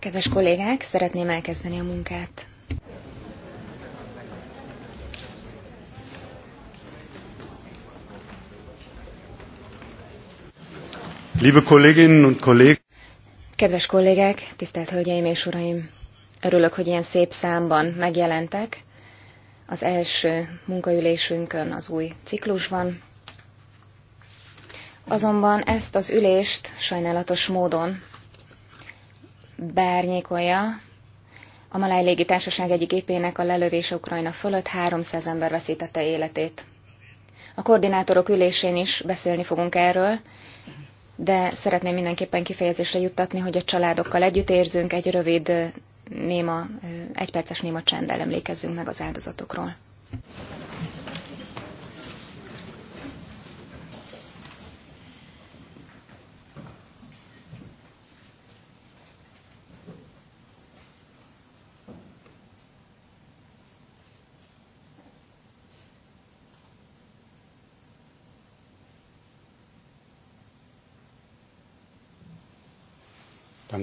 Kedves kollégák, szeretném elkezdeni a munkát. Liebe Kolleginnen und Kollegen! Kedves kollégák, tisztelt Hölgyeim és Uraim! Örülök, hogy ilyen szép számban megjelentek. Az első munkaülésünkön az új ciklusban, Azonban ezt az ülést sajnálatos módon bárnyékolja a Maláj légitársaság egyik gépének a lelövés Ukrajna fölött 300 ember veszítette életét. A koordinátorok ülésén is beszélni fogunk erről, de szeretném mindenképpen kifejezésre juttatni, hogy a családokkal együtt érzünk, egy rövid néma, egyperces néma csendel emlékezzünk meg az áldozatokról.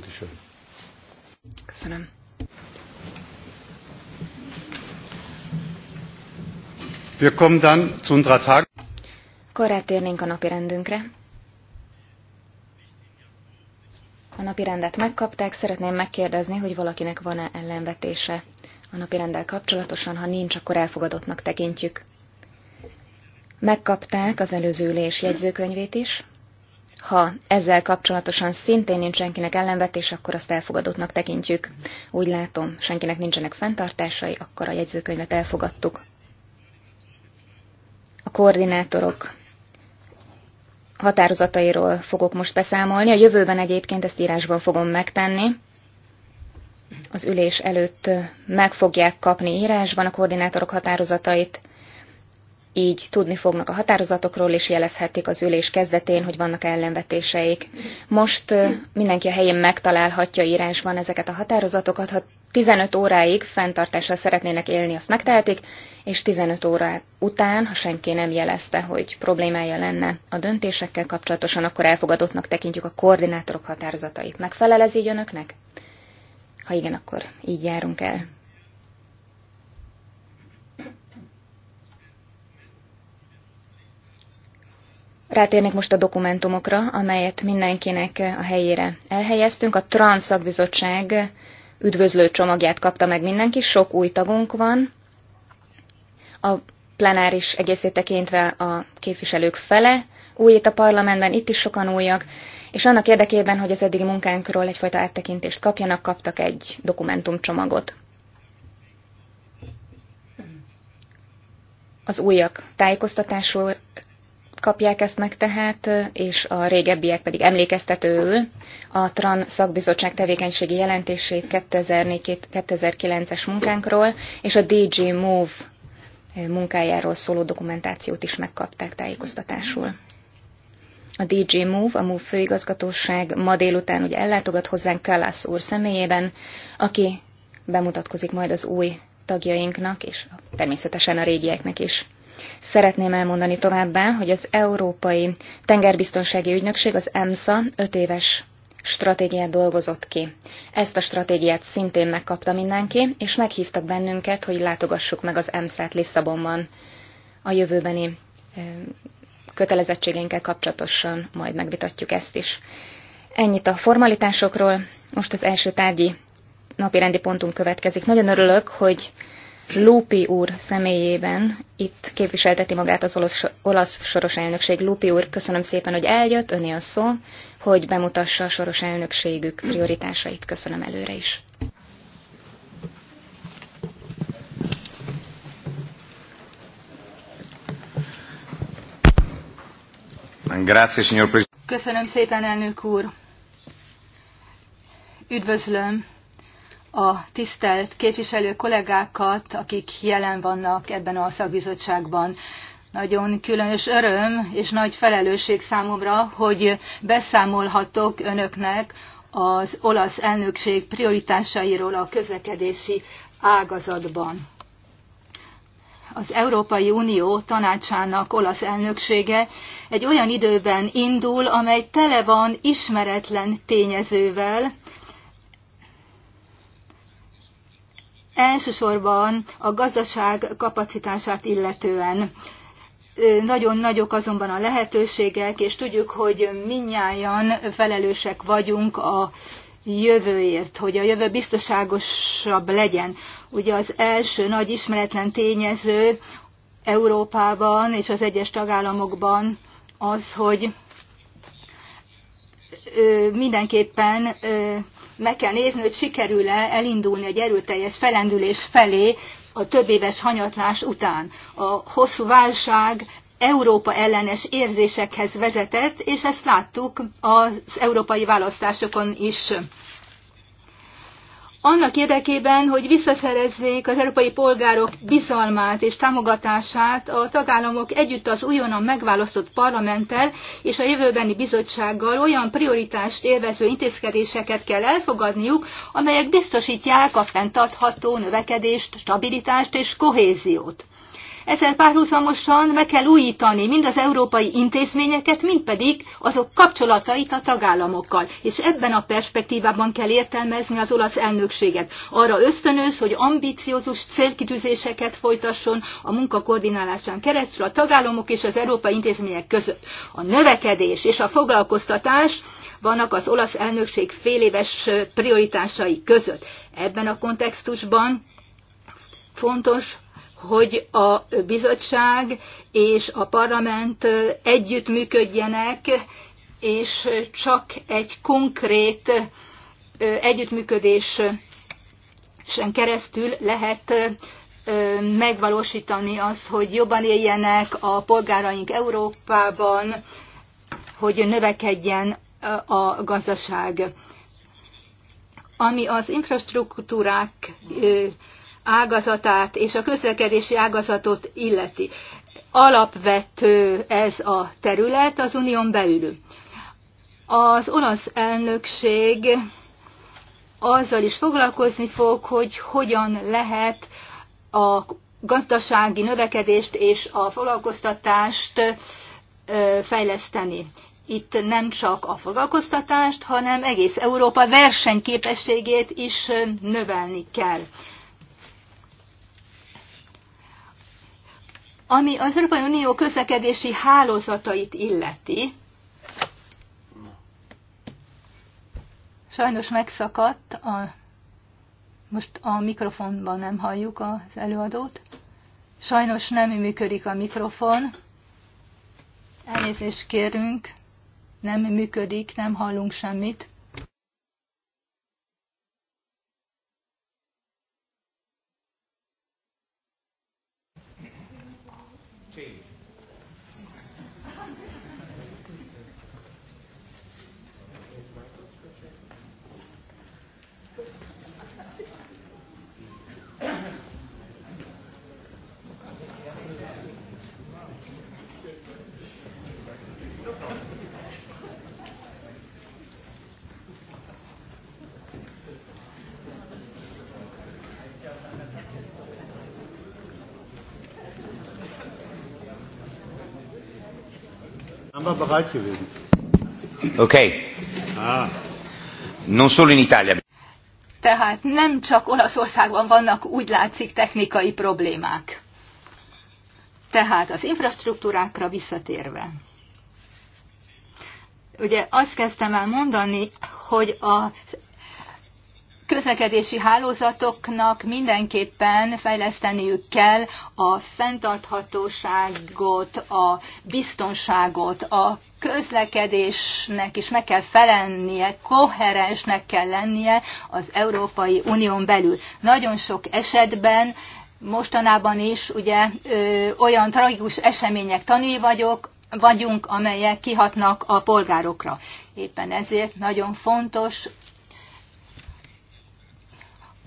Dankeschön. Köszönöm. Wir kommen dann zu unserer Tag. Akkor rátérnénk a napi rendünkre. A napi rendet megkapták, szeretném megkérdezni, hogy valakinek van-e ellenvetése a napi rendel kapcsolatosan, ha nincs, akkor elfogadottnak tekintjük. Megkapták az előző ülés jegyzőkönyvét is. Ha ezzel kapcsolatosan szintén nincs senkinek ellenvetés, akkor azt elfogadottnak tekintjük. Úgy látom, senkinek nincsenek fenntartásai, akkor a jegyzőkönyvet elfogadtuk. A koordinátorok határozatairól fogok most beszámolni. A jövőben egyébként ezt írásban fogom megtenni. Az ülés előtt meg fogják kapni írásban a koordinátorok határozatait, így tudni fognak a határozatokról, és jelezhetik az ülés kezdetén, hogy vannak -e ellenvetéseik. Most mindenki a helyén megtalálhatja írásban ezeket a határozatokat, ha 15 óráig fenntartással szeretnének élni, azt megtehetik, és 15 óra után, ha senki nem jelezte, hogy problémája lenne a döntésekkel kapcsolatosan, akkor elfogadottnak tekintjük a koordinátorok határozatait. Megfelel ez így önöknek? Ha igen, akkor így járunk el. Rátérnék most a dokumentumokra, amelyet mindenkinek a helyére elhelyeztünk. A Transzakbizottság üdvözlő csomagját kapta meg mindenki, sok új tagunk van. A plenáris egészét tekintve a képviselők fele új itt a parlamentben, itt is sokan újak, és annak érdekében, hogy az eddigi munkánkról egyfajta áttekintést kapjanak, kaptak egy dokumentumcsomagot. Az újak tájékoztatásul kapják ezt meg tehát, és a régebbiek pedig emlékeztetőül a TRAN szakbizottság tevékenységi jelentését 2009-es munkánkról, és a DG Move munkájáról szóló dokumentációt is megkapták tájékoztatásul. A DG Move, a Move főigazgatóság ma délután ugye ellátogat hozzánk Kalász úr személyében, aki bemutatkozik majd az új tagjainknak, és természetesen a régieknek is. Szeretném elmondani továbbá, hogy az Európai Tengerbiztonsági Ügynökség, az EMSA 5 éves stratégiát dolgozott ki. Ezt a stratégiát szintén megkapta mindenki, és meghívtak bennünket, hogy látogassuk meg az emsa t Lisszabonban a jövőbeni kötelezettségeinkkel kapcsolatosan, majd megvitatjuk ezt is. Ennyit a formalitásokról, most az első tárgyi napi rendi pontunk következik. Nagyon örülök, hogy Lupi úr személyében itt képviselteti magát az olasz, olasz soros elnökség. Lupi úr, köszönöm szépen, hogy eljött, öné a szó, hogy bemutassa a soros elnökségük prioritásait. Köszönöm előre is. Köszönöm szépen, elnök úr! Üdvözlöm a tisztelt képviselő kollégákat, akik jelen vannak ebben a szakbizottságban. Nagyon különös öröm és nagy felelősség számomra, hogy beszámolhatok önöknek az olasz elnökség prioritásairól a közlekedési ágazatban. Az Európai Unió tanácsának olasz elnöksége egy olyan időben indul, amely tele van ismeretlen tényezővel, elsősorban a gazdaság kapacitását illetően. Nagyon nagyok azonban a lehetőségek, és tudjuk, hogy minnyáján felelősek vagyunk a jövőért, hogy a jövő biztoságosabb legyen. Ugye az első nagy ismeretlen tényező Európában és az egyes tagállamokban az, hogy mindenképpen meg kell nézni, hogy sikerül-e elindulni egy erőteljes felendülés felé a több éves hanyatlás után. A hosszú válság Európa ellenes érzésekhez vezetett, és ezt láttuk az európai választásokon is annak érdekében, hogy visszaszerezzék az európai polgárok bizalmát és támogatását a tagállamok együtt az újonnan megválasztott parlamenttel és a jövőbeni bizottsággal olyan prioritást élvező intézkedéseket kell elfogadniuk, amelyek biztosítják a fenntartható növekedést, stabilitást és kohéziót. Ezzel párhuzamosan meg kell újítani mind az európai intézményeket, mind pedig azok kapcsolatait a tagállamokkal. És ebben a perspektívában kell értelmezni az olasz elnökséget. Arra ösztönöz, hogy ambiciózus célkitűzéseket folytasson a munkakoordinálásán keresztül a tagállamok és az európai intézmények között. A növekedés és a foglalkoztatás vannak az olasz elnökség féléves prioritásai között. Ebben a kontextusban fontos hogy a bizottság és a parlament együttműködjenek, és csak egy konkrét együttműködésen keresztül lehet megvalósítani az, hogy jobban éljenek a polgáraink Európában, hogy növekedjen a gazdaság. Ami az infrastruktúrák ágazatát és a közlekedési ágazatot illeti. Alapvető ez a terület az unión belül. Az olasz elnökség azzal is foglalkozni fog, hogy hogyan lehet a gazdasági növekedést és a foglalkoztatást fejleszteni. Itt nem csak a foglalkoztatást, hanem egész Európa versenyképességét is növelni kell. Ami az Európai Unió közlekedési hálózatait illeti, sajnos megszakadt, a, most a mikrofonban nem halljuk az előadót, sajnos nem működik a mikrofon, elnézést kérünk, nem működik, nem hallunk semmit. bereit gewesen. Okay. Ah. Non solo in Italia. Tehát nem csak Olaszországban vannak úgy látszik technikai problémák. Tehát az infrastruktúrákra visszatérve. Ugye azt kezdtem el mondani, hogy az közlekedési hálózatoknak mindenképpen fejleszteniük kell a fenntarthatóságot, a biztonságot, a közlekedésnek is meg kell felelnie, koherensnek kell lennie az Európai Unión belül. Nagyon sok esetben mostanában is ugye ö, olyan tragikus események tanúi vagyok, vagyunk, amelyek kihatnak a polgárokra. Éppen ezért nagyon fontos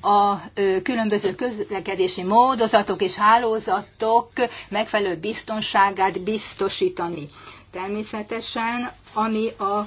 a különböző közlekedési módozatok és hálózatok megfelelő biztonságát biztosítani. Természetesen ami a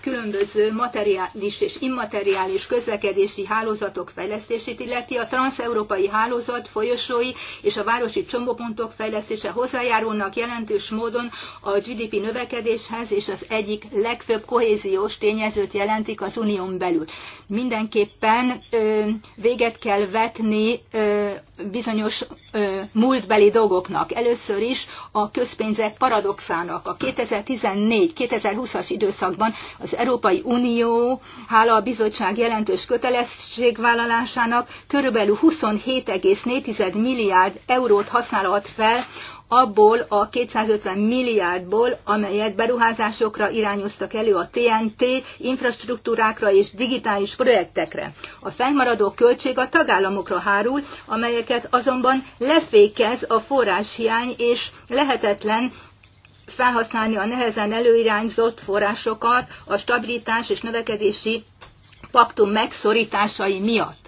különböző materiális és immateriális közlekedési hálózatok fejlesztését illeti, a transeurópai hálózat folyosói és a városi csomópontok fejlesztése hozzájárulnak jelentős módon a GDP növekedéshez, és az egyik legfőbb kohéziós tényezőt jelentik az unión belül. Mindenképpen ö, véget kell vetni ö, bizonyos ö, múltbeli dolgoknak. Először is a közpénzek paradoxának. A 2014 2020 2020-as időszakban az Európai Unió, hála a bizottság jelentős kötelezettségvállalásának körülbelül 27,4 milliárd eurót használhat fel abból a 250 milliárdból, amelyet beruházásokra irányoztak elő a TNT infrastruktúrákra és digitális projektekre. A fennmaradó költség a tagállamokra hárul, amelyeket azonban lefékez a forráshiány és lehetetlen felhasználni a nehezen előirányzott forrásokat a stabilitás és növekedési paktum megszorításai miatt.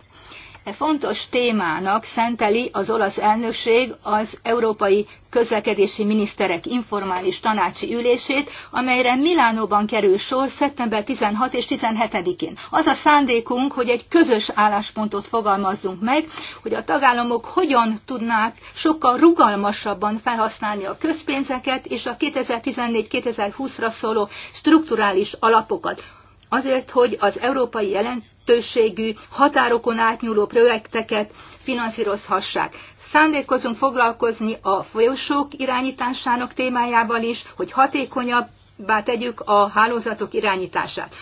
E fontos témának szenteli az olasz elnökség az Európai Közlekedési Miniszterek informális tanácsi ülését, amelyre Milánóban kerül sor szeptember 16 és 17-én. Az a szándékunk, hogy egy közös álláspontot fogalmazzunk meg, hogy a tagállamok hogyan tudnák sokkal rugalmasabban felhasználni a közpénzeket és a 2014-2020-ra szóló strukturális alapokat azért, hogy az európai jelentőségű határokon átnyúló projekteket finanszírozhassák. Szándékozunk foglalkozni a folyosók irányításának témájával is, hogy hatékonyabbá tegyük a hálózatok irányítását.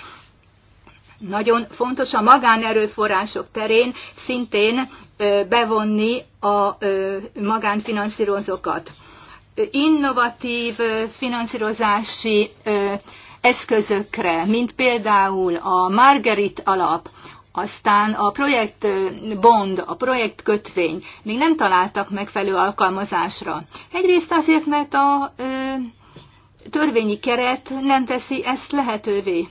Nagyon fontos a magánerőforrások terén szintén bevonni a magánfinanszírozókat. Innovatív finanszírozási eszközökre, mint például a Margarit alap, aztán a projekt bond, a projekt kötvény még nem találtak megfelelő alkalmazásra. Egyrészt azért, mert a ö, törvényi keret nem teszi ezt lehetővé.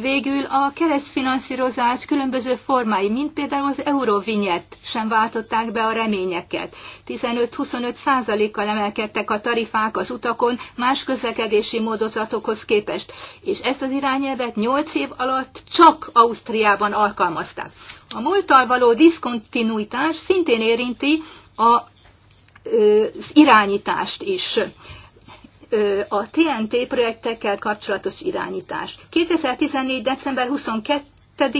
Végül a keresztfinanszírozás különböző formái, mint például az eurovinyett, sem váltották be a reményeket. 15-25 százalékkal emelkedtek a tarifák az utakon más közlekedési módozatokhoz képest, és ezt az irányelvet 8 év alatt csak Ausztriában alkalmazták. A múlttal való diszkontinuitás szintén érinti a, az irányítást is a TNT projektekkel kapcsolatos irányítás. 2014. december 22 7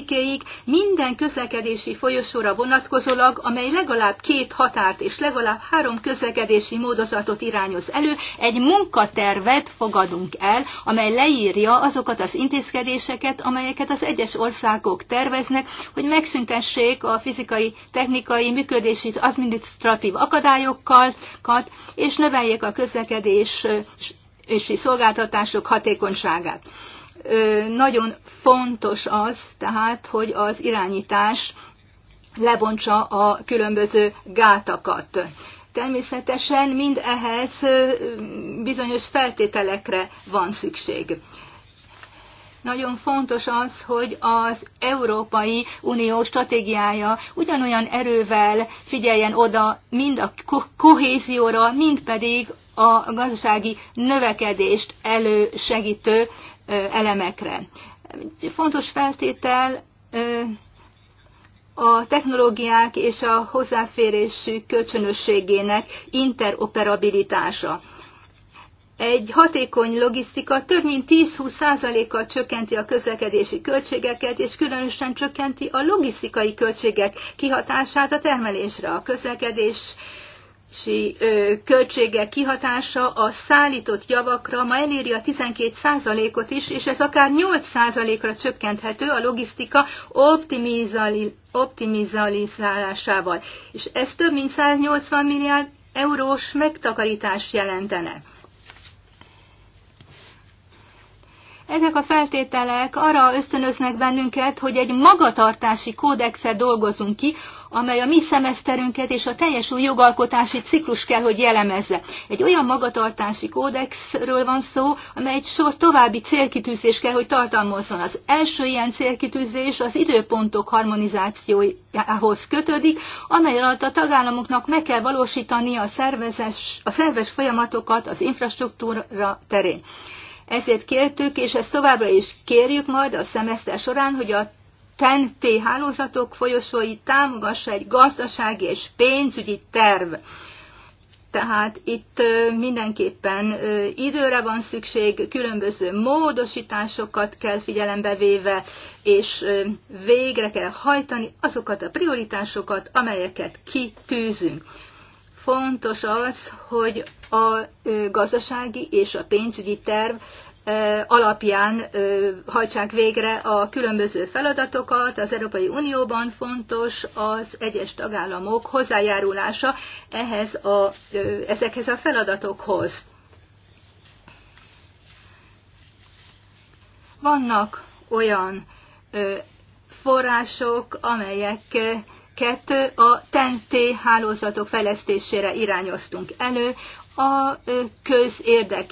minden közlekedési folyosóra vonatkozólag, amely legalább két határt és legalább három közlekedési módozatot irányoz elő, egy munkatervet fogadunk el, amely leírja azokat az intézkedéseket, amelyeket az egyes országok terveznek, hogy megszüntessék a fizikai, technikai, működési, administratív akadályokkal, és növeljék a közlekedési szolgáltatások hatékonyságát. Nagyon fontos az tehát, hogy az irányítás lebontsa a különböző gátakat. Természetesen mind ehhez bizonyos feltételekre van szükség. Nagyon fontos az, hogy az Európai Unió stratégiája ugyanolyan erővel figyeljen oda mind a kohézióra, mind pedig a gazdasági növekedést elősegítő elemekre. Egy fontos feltétel a technológiák és a hozzáférésük kölcsönösségének interoperabilitása. Egy hatékony logisztika több mint 10-20%-kal csökkenti a közlekedési költségeket, és különösen csökkenti a logisztikai költségek kihatását a termelésre. A közlekedés szállítási költségek kihatása a szállított javakra ma eléri a 12%-ot is, és ez akár 8%-ra csökkenthető a logisztika optimizálásával. És ez több mint 180 milliárd eurós megtakarítás jelentene. Ezek a feltételek arra ösztönöznek bennünket, hogy egy magatartási kódexet dolgozunk ki, amely a mi szemeszterünket és a teljes új jogalkotási ciklus kell, hogy jellemezze. Egy olyan magatartási kódexről van szó, amely egy sor további célkitűzés kell, hogy tartalmazzon. Az első ilyen célkitűzés az időpontok harmonizációjához kötődik, amely alatt a tagállamoknak meg kell valósítani a, szervezes, a szerves folyamatokat az infrastruktúra terén. Ezért kértük, és ezt továbbra is kérjük majd a szemeszter során, hogy a TEN-T hálózatok folyosói támogassa egy gazdasági és pénzügyi terv. Tehát itt mindenképpen időre van szükség, különböző módosításokat kell figyelembe véve, és végre kell hajtani azokat a prioritásokat, amelyeket kitűzünk. Fontos az, hogy a gazdasági és a pénzügyi terv alapján hajtsák végre a különböző feladatokat. Az Európai Unióban fontos az egyes tagállamok hozzájárulása ehhez a, ezekhez a feladatokhoz. Vannak olyan források, amelyek kettő a TNT hálózatok fejlesztésére irányoztunk elő, a közérdek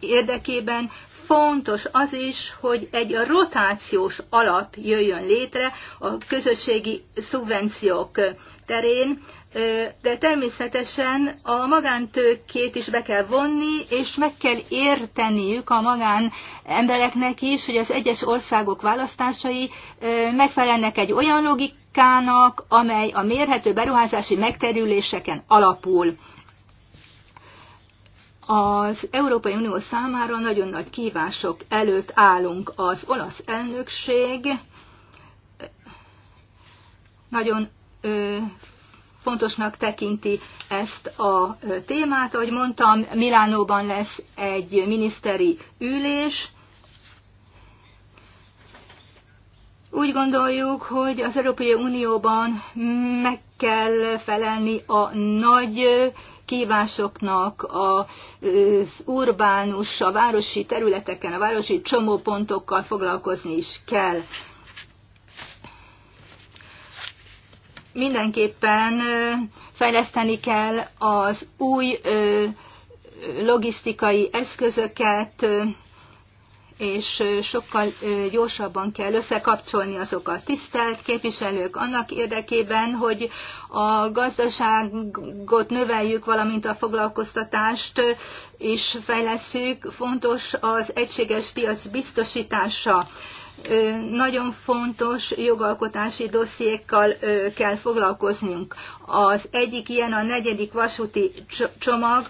érdekében fontos az is, hogy egy rotációs alap jöjjön létre a közösségi szubvenciók terén, de természetesen a magántőkét is be kell vonni, és meg kell érteniük a magán embereknek is, hogy az egyes országok választásai megfelelnek egy olyan logik, politikának, amely a mérhető beruházási megterüléseken alapul. Az Európai Unió számára nagyon nagy kívások előtt állunk. Az olasz elnökség nagyon ö, fontosnak tekinti ezt a témát. Ahogy mondtam, Milánóban lesz egy miniszteri ülés, Úgy gondoljuk, hogy az Európai Unióban meg kell felelni a nagy kívásoknak az urbánus, a városi területeken, a városi csomópontokkal foglalkozni is kell. Mindenképpen fejleszteni kell az új logisztikai eszközöket, és sokkal gyorsabban kell összekapcsolni azokat. Tisztelt képviselők, annak érdekében, hogy a gazdaságot növeljük, valamint a foglalkoztatást is fejleszünk, fontos az egységes piac biztosítása nagyon fontos jogalkotási dossziékkal kell foglalkoznunk. Az egyik ilyen a negyedik vasúti csomag,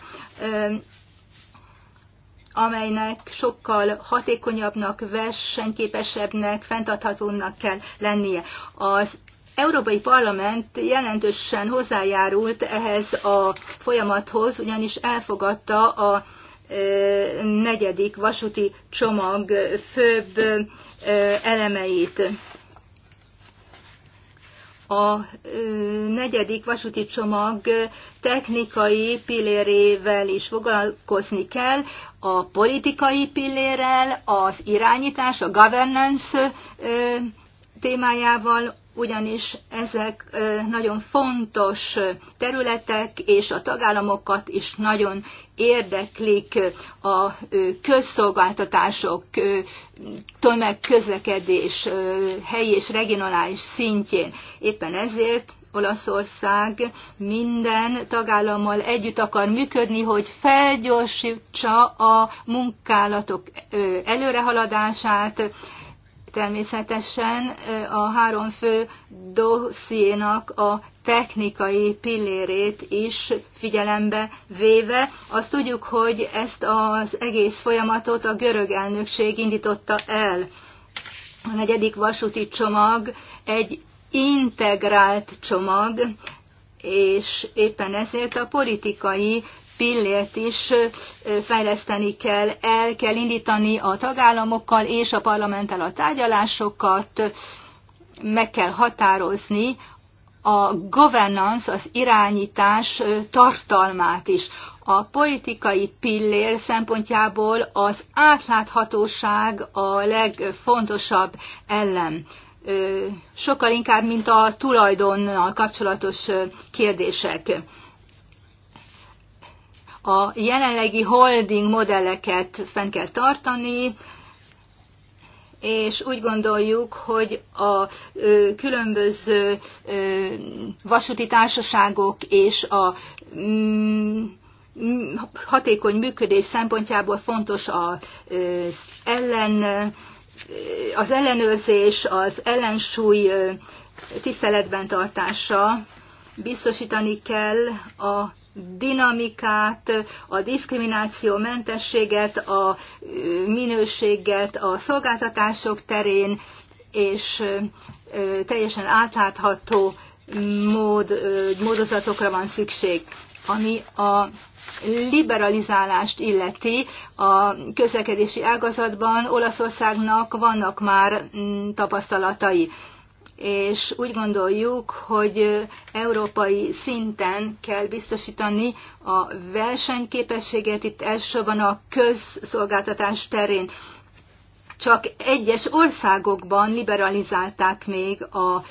amelynek sokkal hatékonyabbnak, versenyképesebbnek, fenntarthatónak kell lennie. Az Európai Parlament jelentősen hozzájárult ehhez a folyamathoz, ugyanis elfogadta a e, negyedik vasúti csomag főbb e, elemeit a negyedik vasúti csomag technikai pillérével is foglalkozni kell, a politikai pillérrel, az irányítás, a governance témájával, ugyanis ezek nagyon fontos területek, és a tagállamokat is nagyon érdeklik a közszolgáltatások, tömegközlekedés helyi és regionális szintjén. Éppen ezért Olaszország minden tagállammal együtt akar működni, hogy felgyorsítsa a munkálatok előrehaladását, Természetesen a három fő dossziénak a technikai pillérét is figyelembe véve. Azt tudjuk, hogy ezt az egész folyamatot a görög elnökség indította el. A negyedik vasúti csomag egy integrált csomag, és éppen ezért a politikai pillért is fejleszteni kell, el kell indítani a tagállamokkal és a parlamenttel a tárgyalásokat, meg kell határozni a governance, az irányítás tartalmát is. A politikai pillér szempontjából az átláthatóság a legfontosabb ellen. Sokkal inkább, mint a tulajdonnal kapcsolatos kérdések. A jelenlegi holding modelleket fenn kell tartani, és úgy gondoljuk, hogy a különböző vasúti társaságok és a mm, mm, hatékony működés szempontjából fontos az ellen az ellenőrzés, az ellensúly tiszteletben tartása, biztosítani kell a dinamikát, a diszkrimináció mentességet, a minőséget a szolgáltatások terén, és teljesen átlátható mód, módozatokra van szükség. Ami a liberalizálást illeti a közlekedési ágazatban Olaszországnak vannak már mm, tapasztalatai és úgy gondoljuk, hogy európai szinten kell biztosítani a versenyképességet, itt elsősorban a közszolgáltatás terén. Csak egyes országokban liberalizálták még a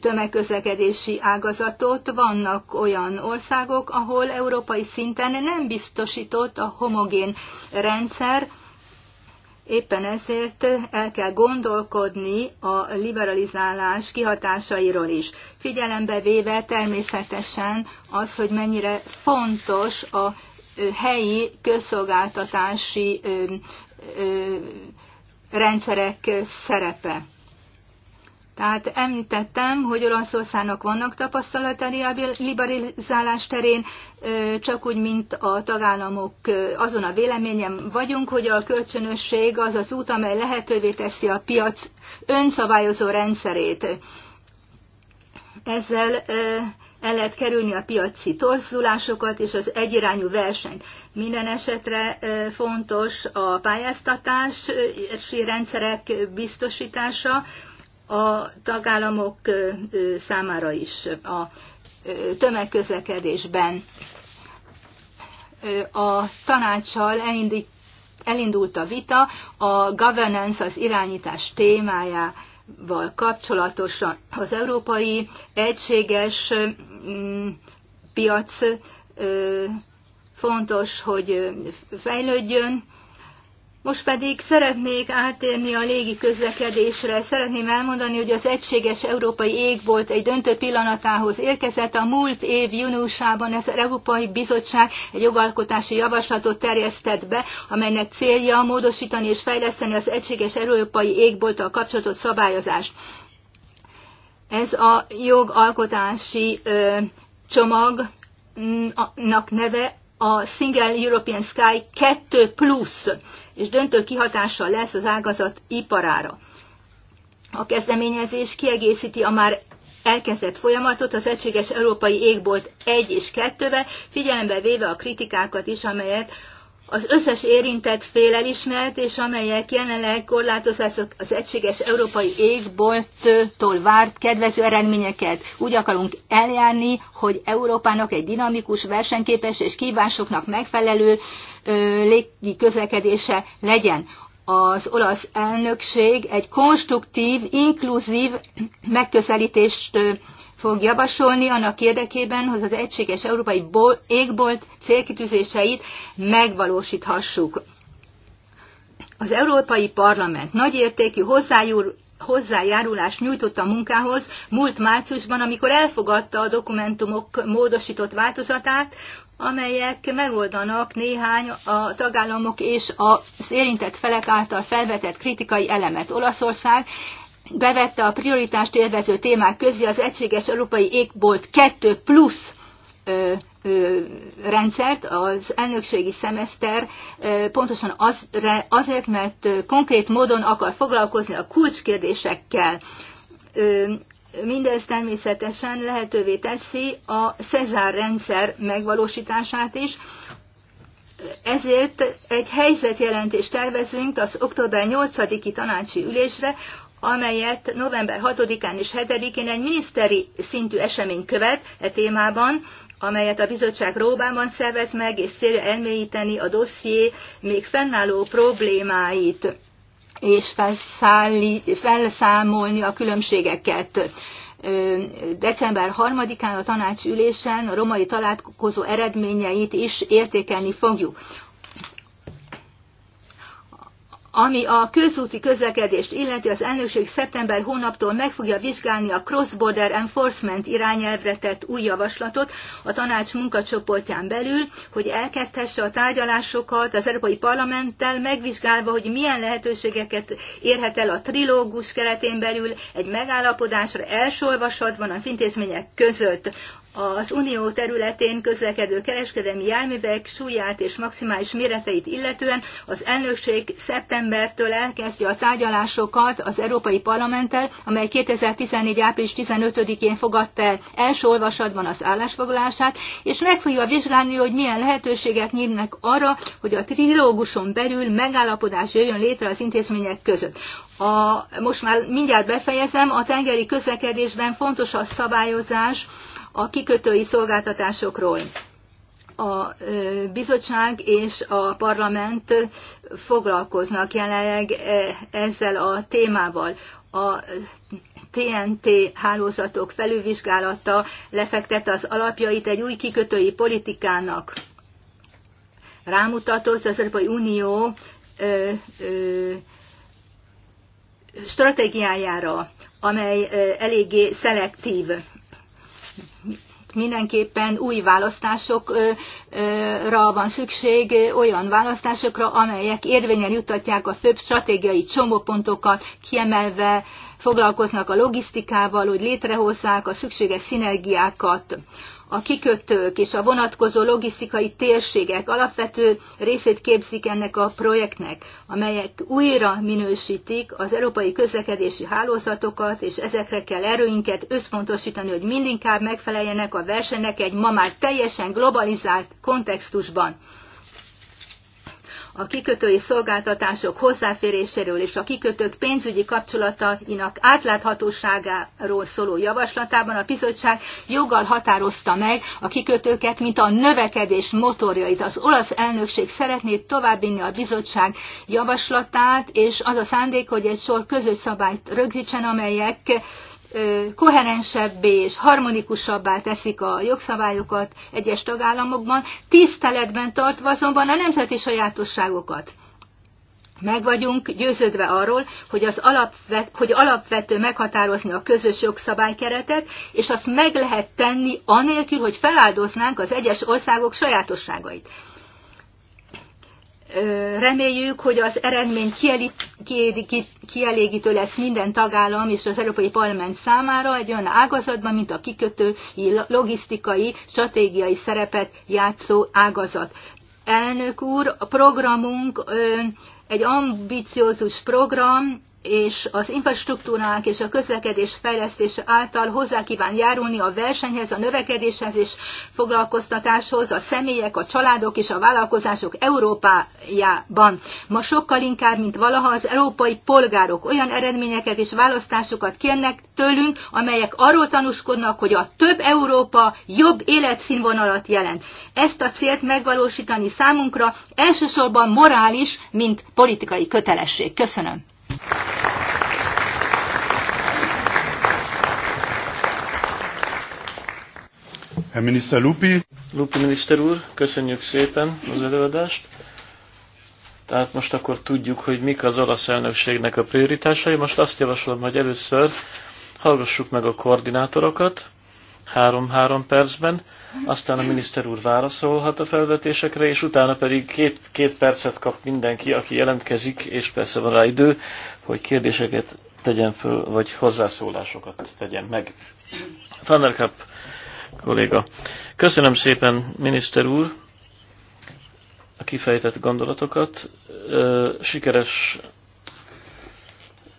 tömegközlekedési ágazatot. Vannak olyan országok, ahol európai szinten nem biztosított a homogén rendszer, Éppen ezért el kell gondolkodni a liberalizálás kihatásairól is, figyelembe véve természetesen az, hogy mennyire fontos a helyi közszolgáltatási rendszerek szerepe. Tehát említettem, hogy Olaszországnak vannak tapasztalatai a liberalizálás terén, csak úgy, mint a tagállamok azon a véleményem vagyunk, hogy a kölcsönösség az az út, amely lehetővé teszi a piac önszabályozó rendszerét. Ezzel el lehet kerülni a piaci torzulásokat és az egyirányú versenyt. Minden esetre fontos a pályáztatási rendszerek biztosítása, a tagállamok számára is a tömegközlekedésben. A tanácssal elindult a vita a governance, az irányítás témájával kapcsolatosan az európai egységes mm, piac fontos, hogy fejlődjön, most pedig szeretnék átérni a légi közlekedésre. Szeretném elmondani, hogy az egységes európai égbolt egy döntő pillanatához érkezett. A múlt év júniusában az Európai Bizottság egy jogalkotási javaslatot terjesztett be, amelynek célja módosítani és fejleszteni az egységes európai égbolttal kapcsolatos szabályozást. Ez a jogalkotási ö, csomagnak neve a Single European Sky 2 Plus és döntő kihatással lesz az ágazat iparára. A kezdeményezés kiegészíti a már elkezdett folyamatot az Egységes Európai Égbolt 1 és 2-be, figyelembe véve a kritikákat is, amelyet az összes érintett fél elismert, és amelyek jelenleg korlátozások az egységes európai égbolttól várt kedvező eredményeket. Úgy akarunk eljárni, hogy Európának egy dinamikus, versenyképes és kívásoknak megfelelő légi közlekedése legyen az olasz elnökség egy konstruktív, inkluzív megközelítést fog javasolni annak érdekében, hogy az egységes európai égbolt célkitűzéseit megvalósíthassuk. Az Európai Parlament nagyértékű hozzájúr, hozzájárulást nyújtott a munkához múlt márciusban, amikor elfogadta a dokumentumok módosított változatát, amelyek megoldanak néhány a tagállamok és az érintett felek által felvetett kritikai elemet. Olaszország bevette a prioritást élvező témák közé az Egységes Európai Égbolt 2 plusz ö, ö, rendszert, az elnökségi szemeszter ö, pontosan az, azért, mert konkrét módon akar foglalkozni a kulcskérdésekkel. Ö, Mindez természetesen lehetővé teszi a Cezár rendszer megvalósítását is, ezért egy helyzetjelentést tervezünk az október 8-i tanácsi ülésre, amelyet november 6-án és 7-én egy miniszteri szintű esemény követ e témában, amelyet a bizottság Róbában szervez meg, és célja elmélyíteni a dosszié még fennálló problémáit, és felszállí, felszámolni a különbségeket december 3-án a tanácsülésen a romai találkozó eredményeit is értékelni fogjuk. Ami a közúti közlekedést illeti, az elnökség szeptember hónaptól meg fogja vizsgálni a cross-border enforcement irányelvre tett új javaslatot a tanács munkacsoportján belül, hogy elkezdhesse a tárgyalásokat az Európai Parlamenttel, megvizsgálva, hogy milyen lehetőségeket érhet el a trilógus keretén belül egy megállapodásra első az intézmények között az unió területén közlekedő kereskedelmi járművek súlyát és maximális méreteit illetően az elnökség szeptembertől elkezdje a tárgyalásokat az Európai Parlamenttel, amely 2014. április 15-én fogadta el első olvasatban az állásfoglalását, és meg fogja vizsgálni, hogy milyen lehetőségek nyílnak arra, hogy a trilóguson belül megállapodás jöjjön létre az intézmények között. A, most már mindjárt befejezem, a tengeri közlekedésben fontos a szabályozás, a kikötői szolgáltatásokról. A bizottság és a parlament foglalkoznak jelenleg ezzel a témával. A TNT hálózatok felülvizsgálata lefektet az alapjait egy új kikötői politikának. Rámutatott az Európai Unió stratégiájára, amely eléggé szelektív mindenképpen új választásokra van szükség, olyan választásokra, amelyek érvényen jutatják a főbb stratégiai csomópontokat, kiemelve foglalkoznak a logisztikával, hogy létrehozzák a szükséges szinergiákat a kikötők és a vonatkozó logisztikai térségek alapvető részét képzik ennek a projektnek, amelyek újra minősítik az európai közlekedési hálózatokat, és ezekre kell erőinket összpontosítani, hogy mindinkább megfeleljenek a versenynek egy ma már teljesen globalizált kontextusban a kikötői szolgáltatások hozzáféréséről és a kikötők pénzügyi kapcsolatainak átláthatóságáról szóló javaslatában a bizottság joggal határozta meg a kikötőket, mint a növekedés motorjait. Az olasz elnökség szeretné továbbvinni a bizottság javaslatát, és az a szándék, hogy egy sor közös szabályt rögzítsen, amelyek koherensebbé és harmonikusabbá teszik a jogszabályokat egyes tagállamokban, tiszteletben tartva azonban a nemzeti sajátosságokat. Meg vagyunk győződve arról, hogy, az alapvet, hogy alapvető meghatározni a közös jogszabálykeretet, és azt meg lehet tenni anélkül, hogy feláldoznánk az egyes országok sajátosságait. Reméljük, hogy az eredmény kielégítő lesz minden tagállam és az Európai Parlament számára egy olyan ágazatban, mint a kikötői, logisztikai, stratégiai szerepet játszó ágazat. Elnök úr, a programunk egy ambiciózus program, és az infrastruktúránk és a közlekedés fejlesztése által hozzá kíván járulni a versenyhez, a növekedéshez és foglalkoztatáshoz, a személyek, a családok és a vállalkozások Európájában. Ma sokkal inkább, mint valaha az európai polgárok olyan eredményeket és választásokat kérnek tőlünk, amelyek arról tanúskodnak, hogy a több Európa jobb életszínvonalat jelent. Ezt a célt megvalósítani számunkra elsősorban morális, mint politikai kötelesség. Köszönöm. Herr Minister Lupi. Lupi miniszter úr, köszönjük szépen az előadást. Tehát most akkor tudjuk, hogy mik az olasz elnökségnek a prioritásai. Most azt javaslom, hogy először hallgassuk meg a koordinátorokat három-három percben, aztán a miniszter úr válaszolhat a felvetésekre, és utána pedig két, két percet kap mindenki, aki jelentkezik, és persze van rá idő, hogy kérdéseket tegyen föl, vagy hozzászólásokat tegyen meg. Thundercup kolléga. Köszönöm szépen, miniszter úr, a kifejtett gondolatokat. Sikeres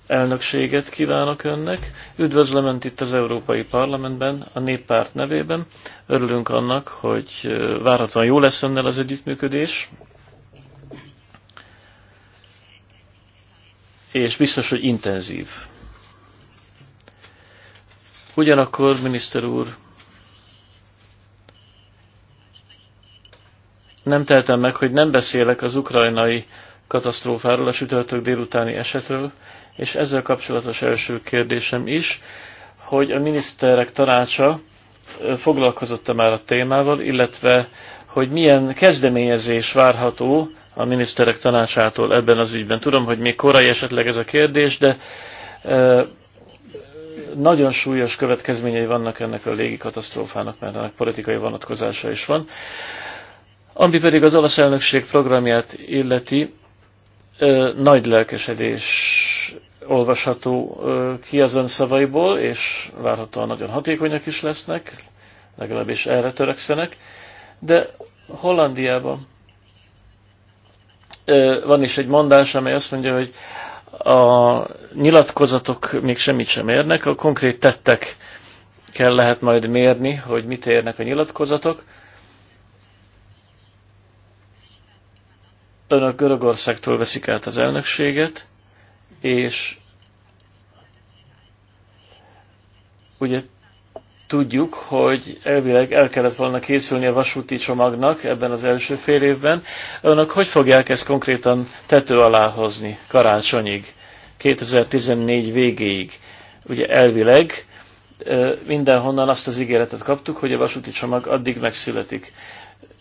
elnökséget kívánok önnek. Üdvözlöm önt itt az Európai Parlamentben, a néppárt nevében. Örülünk annak, hogy várhatóan jó lesz önnel az együttműködés. És biztos, hogy intenzív. Ugyanakkor, miniszter úr, nem teltem meg, hogy nem beszélek az ukrajnai katasztrófáról, a sütörtök délutáni esetről, és ezzel kapcsolatos első kérdésem is, hogy a miniszterek tanácsa foglalkozott-e már a témával, illetve hogy milyen kezdeményezés várható a miniszterek tanácsától ebben az ügyben. Tudom, hogy még korai esetleg ez a kérdés, de nagyon súlyos következményei vannak ennek a légi katasztrófának, mert ennek politikai vonatkozása is van. Ami pedig az olasz elnökség programját illeti, nagy lelkesedés olvasható ki az ön szavaiból, és várhatóan nagyon hatékonyak is lesznek, legalábbis erre törekszenek. De Hollandiában van is egy mondás, amely azt mondja, hogy a nyilatkozatok még semmit sem érnek, a konkrét tettek kell lehet majd mérni, hogy mit érnek a nyilatkozatok. Önök Görögországtól veszik át az elnökséget, és ugye tudjuk, hogy elvileg el kellett volna készülni a vasúti csomagnak ebben az első fél évben. Önök hogy fogják ezt konkrétan tető alá hozni karácsonyig, 2014 végéig? Ugye elvileg mindenhonnan azt az ígéretet kaptuk, hogy a vasúti csomag addig megszületik.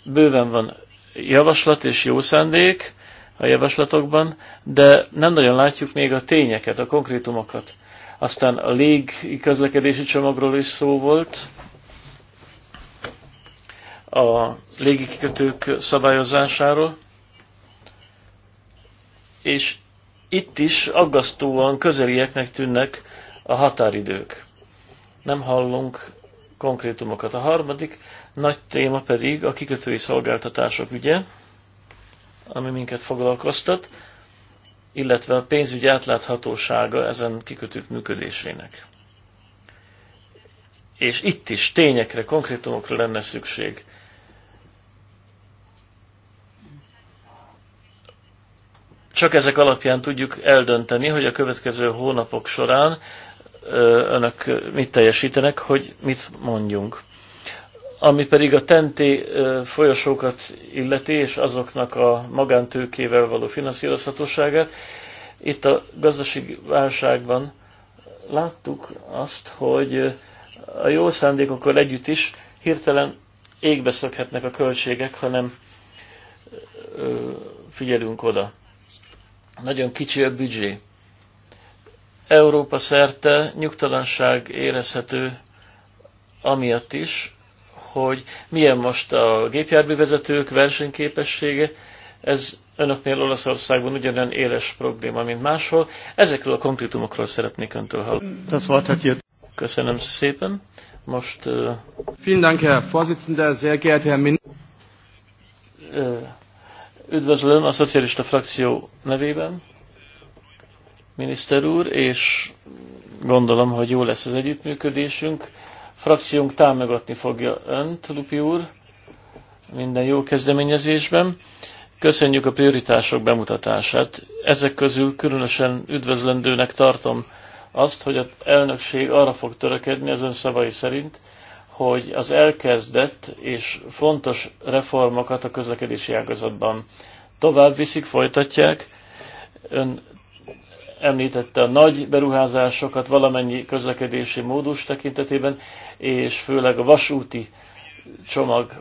Bőven van javaslat és jó szándék, a javaslatokban, de nem nagyon látjuk még a tényeket, a konkrétumokat. Aztán a légi közlekedési csomagról is szó volt, a légikikötők szabályozásáról, és itt is aggasztóan közelieknek tűnnek a határidők. Nem hallunk konkrétumokat. A harmadik nagy téma pedig a kikötői szolgáltatások ügye ami minket foglalkoztat, illetve a pénzügyi átláthatósága ezen kikötők működésének. És itt is tényekre, konkrétumokra lenne szükség. Csak ezek alapján tudjuk eldönteni, hogy a következő hónapok során önök mit teljesítenek, hogy mit mondjunk. Ami pedig a tenté folyosókat illeti, és azoknak a magántőkével való finanszírozhatóságát, itt a gazdasági válságban láttuk azt, hogy a jó szándékokkal együtt is hirtelen égbe szökhetnek a költségek, hanem figyelünk oda. Nagyon kicsi a büdzsé. Európa szerte nyugtalanság érezhető amiatt is, hogy milyen most a gépjárművezetők versenyképessége, ez önöknél Olaszországban ugyanolyan éles probléma, mint máshol. Ezekről a konkrétumokról szeretnék öntől hallani. Köszönöm szépen. Most... Uh, Vielen Dank, Herr Vorsitzender, sehr geehrter Herr Üdvözlöm a szocialista frakció nevében, miniszter úr, és gondolom, hogy jó lesz az együttműködésünk Frakciónk támogatni fogja önt, Lupi úr, minden jó kezdeményezésben. Köszönjük a prioritások bemutatását. Ezek közül különösen üdvözlendőnek tartom azt, hogy az elnökség arra fog törekedni az ön szavai szerint, hogy az elkezdett és fontos reformokat a közlekedési ágazatban tovább viszik, folytatják. Ön említette a nagy beruházásokat valamennyi közlekedési módus tekintetében, és főleg a vasúti csomag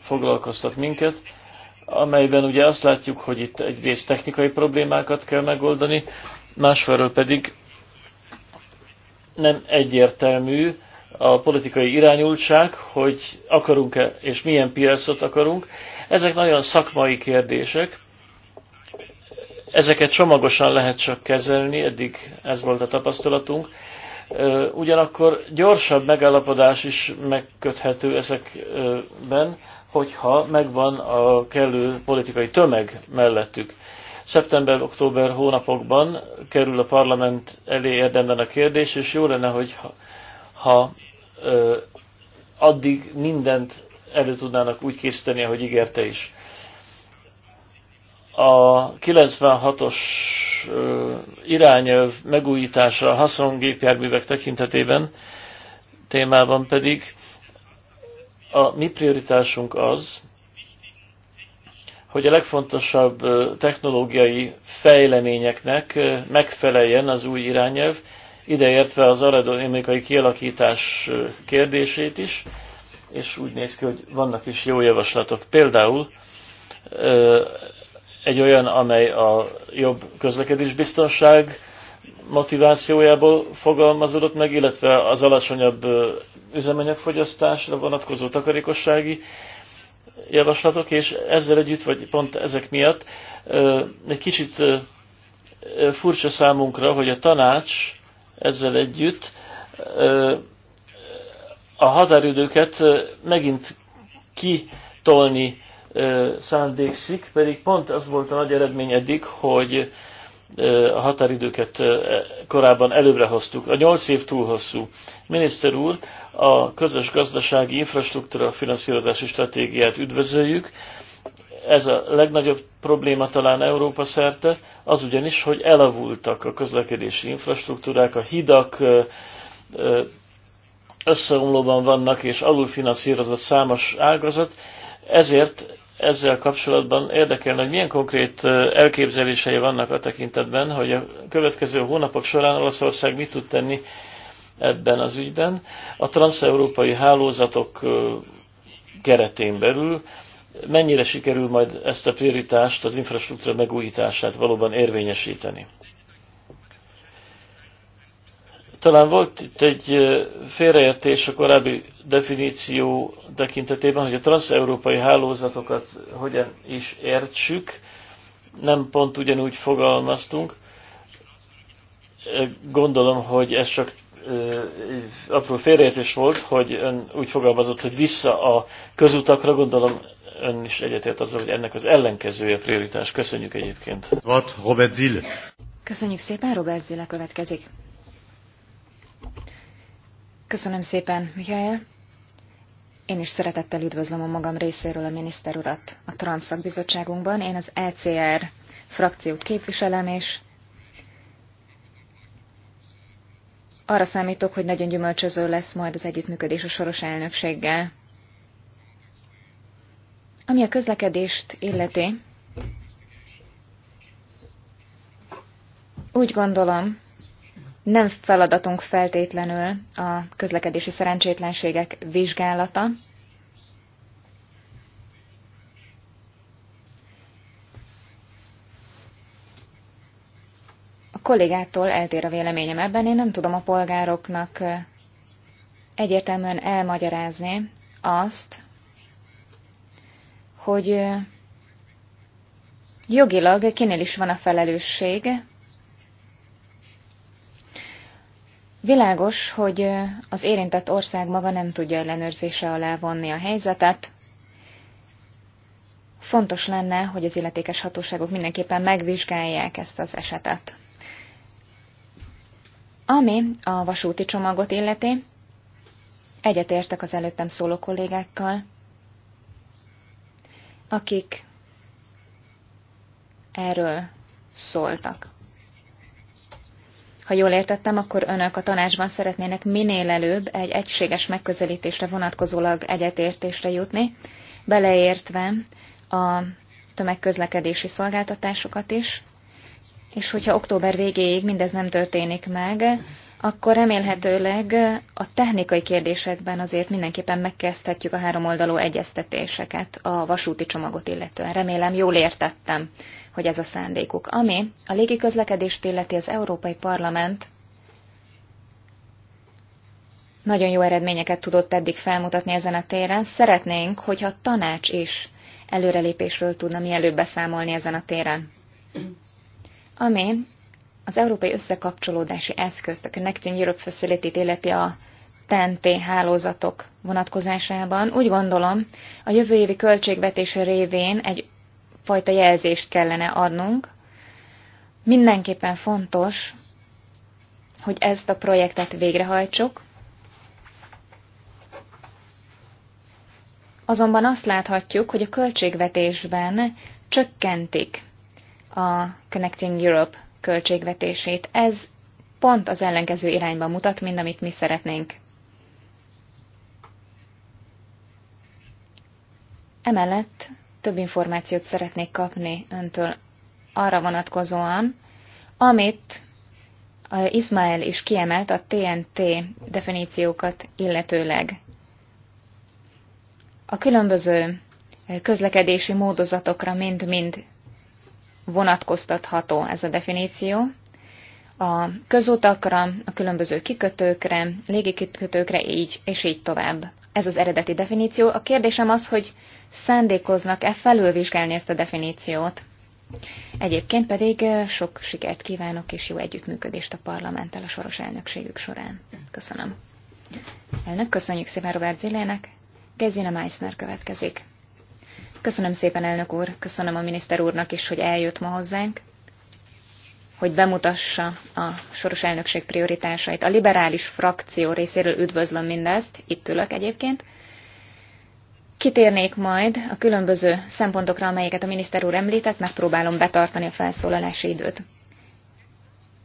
foglalkoztat minket, amelyben ugye azt látjuk, hogy itt egyrészt technikai problémákat kell megoldani, másfelől pedig nem egyértelmű a politikai irányultság, hogy akarunk-e és milyen piacot akarunk. Ezek nagyon szakmai kérdések, Ezeket csomagosan lehet csak kezelni, eddig ez volt a tapasztalatunk. Ugyanakkor gyorsabb megállapodás is megköthető ezekben, hogyha megvan a kellő politikai tömeg mellettük. Szeptember-október hónapokban kerül a parlament elé érdemben a kérdés, és jó lenne, hogy ha, ha addig mindent elő tudnának úgy készíteni, ahogy ígérte is a 96-os irányelv megújítása a haszongépjárművek tekintetében témában pedig a mi prioritásunk az, hogy a legfontosabb technológiai fejleményeknek megfeleljen az új irányelv, ideértve az aradonémikai kialakítás kérdését is, és úgy néz ki, hogy vannak is jó javaslatok. Például egy olyan, amely a jobb közlekedés biztonság motivációjából fogalmazódott meg, illetve az alacsonyabb üzemanyagfogyasztásra vonatkozó takarékossági javaslatok, és ezzel együtt, vagy pont ezek miatt egy kicsit furcsa számunkra, hogy a tanács ezzel együtt a határidőket megint kitolni szándékszik, pedig pont az volt a nagy eredmény eddig, hogy a határidőket korábban előbbre hoztuk. A nyolc év túl hosszú. Miniszter úr, a közös gazdasági infrastruktúra finanszírozási stratégiát üdvözöljük. Ez a legnagyobb probléma talán Európa szerte, az ugyanis, hogy elavultak a közlekedési infrastruktúrák, a hidak összeomlóban vannak és alulfinanszírozott számos ágazat, ezért ezzel kapcsolatban érdekelne, hogy milyen konkrét elképzelései vannak a tekintetben, hogy a következő hónapok során Olaszország mit tud tenni ebben az ügyben. A transeurópai hálózatok keretén belül mennyire sikerül majd ezt a prioritást, az infrastruktúra megújítását valóban érvényesíteni. Talán volt itt egy félreértés a korábbi definíció tekintetében, hogy a transeurópai hálózatokat hogyan is értsük. Nem pont ugyanúgy fogalmaztunk. Gondolom, hogy ez csak apró félreértés volt, hogy ön úgy fogalmazott, hogy vissza a közutakra, gondolom ön is egyetért azzal, hogy ennek az ellenkezője prioritás. Köszönjük egyébként. Robert Zille. Köszönjük szépen, Robert Zille következik. Köszönöm szépen, Mihály. Én is szeretettel üdvözlöm a magam részéről a miniszter urat a Transzak bizottságunkban. Én az ECR frakciót képviselem, és arra számítok, hogy nagyon gyümölcsöző lesz majd az együttműködés a soros elnökséggel. Ami a közlekedést illeti, úgy gondolom, nem feladatunk feltétlenül a közlekedési szerencsétlenségek vizsgálata, kollégától eltér a véleményem ebben, én nem tudom a polgároknak egyértelműen elmagyarázni azt, hogy jogilag kinél is van a felelősség, Világos, hogy az érintett ország maga nem tudja ellenőrzése alá vonni a helyzetet. Fontos lenne, hogy az illetékes hatóságok mindenképpen megvizsgálják ezt az esetet. Ami a vasúti csomagot illeti, egyetértek az előttem szóló kollégákkal, akik erről szóltak. Ha jól értettem, akkor önök a tanácsban szeretnének minél előbb egy egységes megközelítésre vonatkozólag egyetértésre jutni, beleértve a tömegközlekedési szolgáltatásokat is, és hogyha október végéig mindez nem történik meg, akkor remélhetőleg a technikai kérdésekben azért mindenképpen megkezdhetjük a három oldalú egyeztetéseket a vasúti csomagot illetően. Remélem jól értettem, hogy ez a szándékuk. Ami a légi közlekedést illeti az Európai Parlament nagyon jó eredményeket tudott eddig felmutatni ezen a téren. Szeretnénk, hogyha a tanács is előrelépésről tudna mielőbb beszámolni ezen a téren. Ami az európai összekapcsolódási eszközt, a Connecting Europe facility illeti a TNT hálózatok vonatkozásában, úgy gondolom, a jövő évi költségvetése révén fajta jelzést kellene adnunk. Mindenképpen fontos, hogy ezt a projektet végrehajtsuk, Azonban azt láthatjuk, hogy a költségvetésben csökkentik a Connecting Europe költségvetését. Ez pont az ellenkező irányba mutat, mint amit mi szeretnénk. Emellett több információt szeretnék kapni öntől arra vonatkozóan, amit Ismael is kiemelt a TNT definíciókat illetőleg. A különböző közlekedési módozatokra mind-mind vonatkoztatható ez a definíció. A közutakra, a különböző kikötőkre, légikikötőkre így, és így tovább. Ez az eredeti definíció. A kérdésem az, hogy szándékoznak-e felülvizsgálni ezt a definíciót. Egyébként pedig sok sikert kívánok, és jó együttműködést a parlamenttel a soros elnökségük során. Köszönöm. Elnök, köszönjük szépen Robert Zillének. Gezina Meissner következik. Köszönöm szépen, elnök úr, köszönöm a miniszter úrnak is, hogy eljött ma hozzánk, hogy bemutassa a soros elnökség prioritásait. A liberális frakció részéről üdvözlöm mindezt, itt ülök egyébként. Kitérnék majd a különböző szempontokra, amelyeket a miniszter úr említett, megpróbálom betartani a felszólalási időt.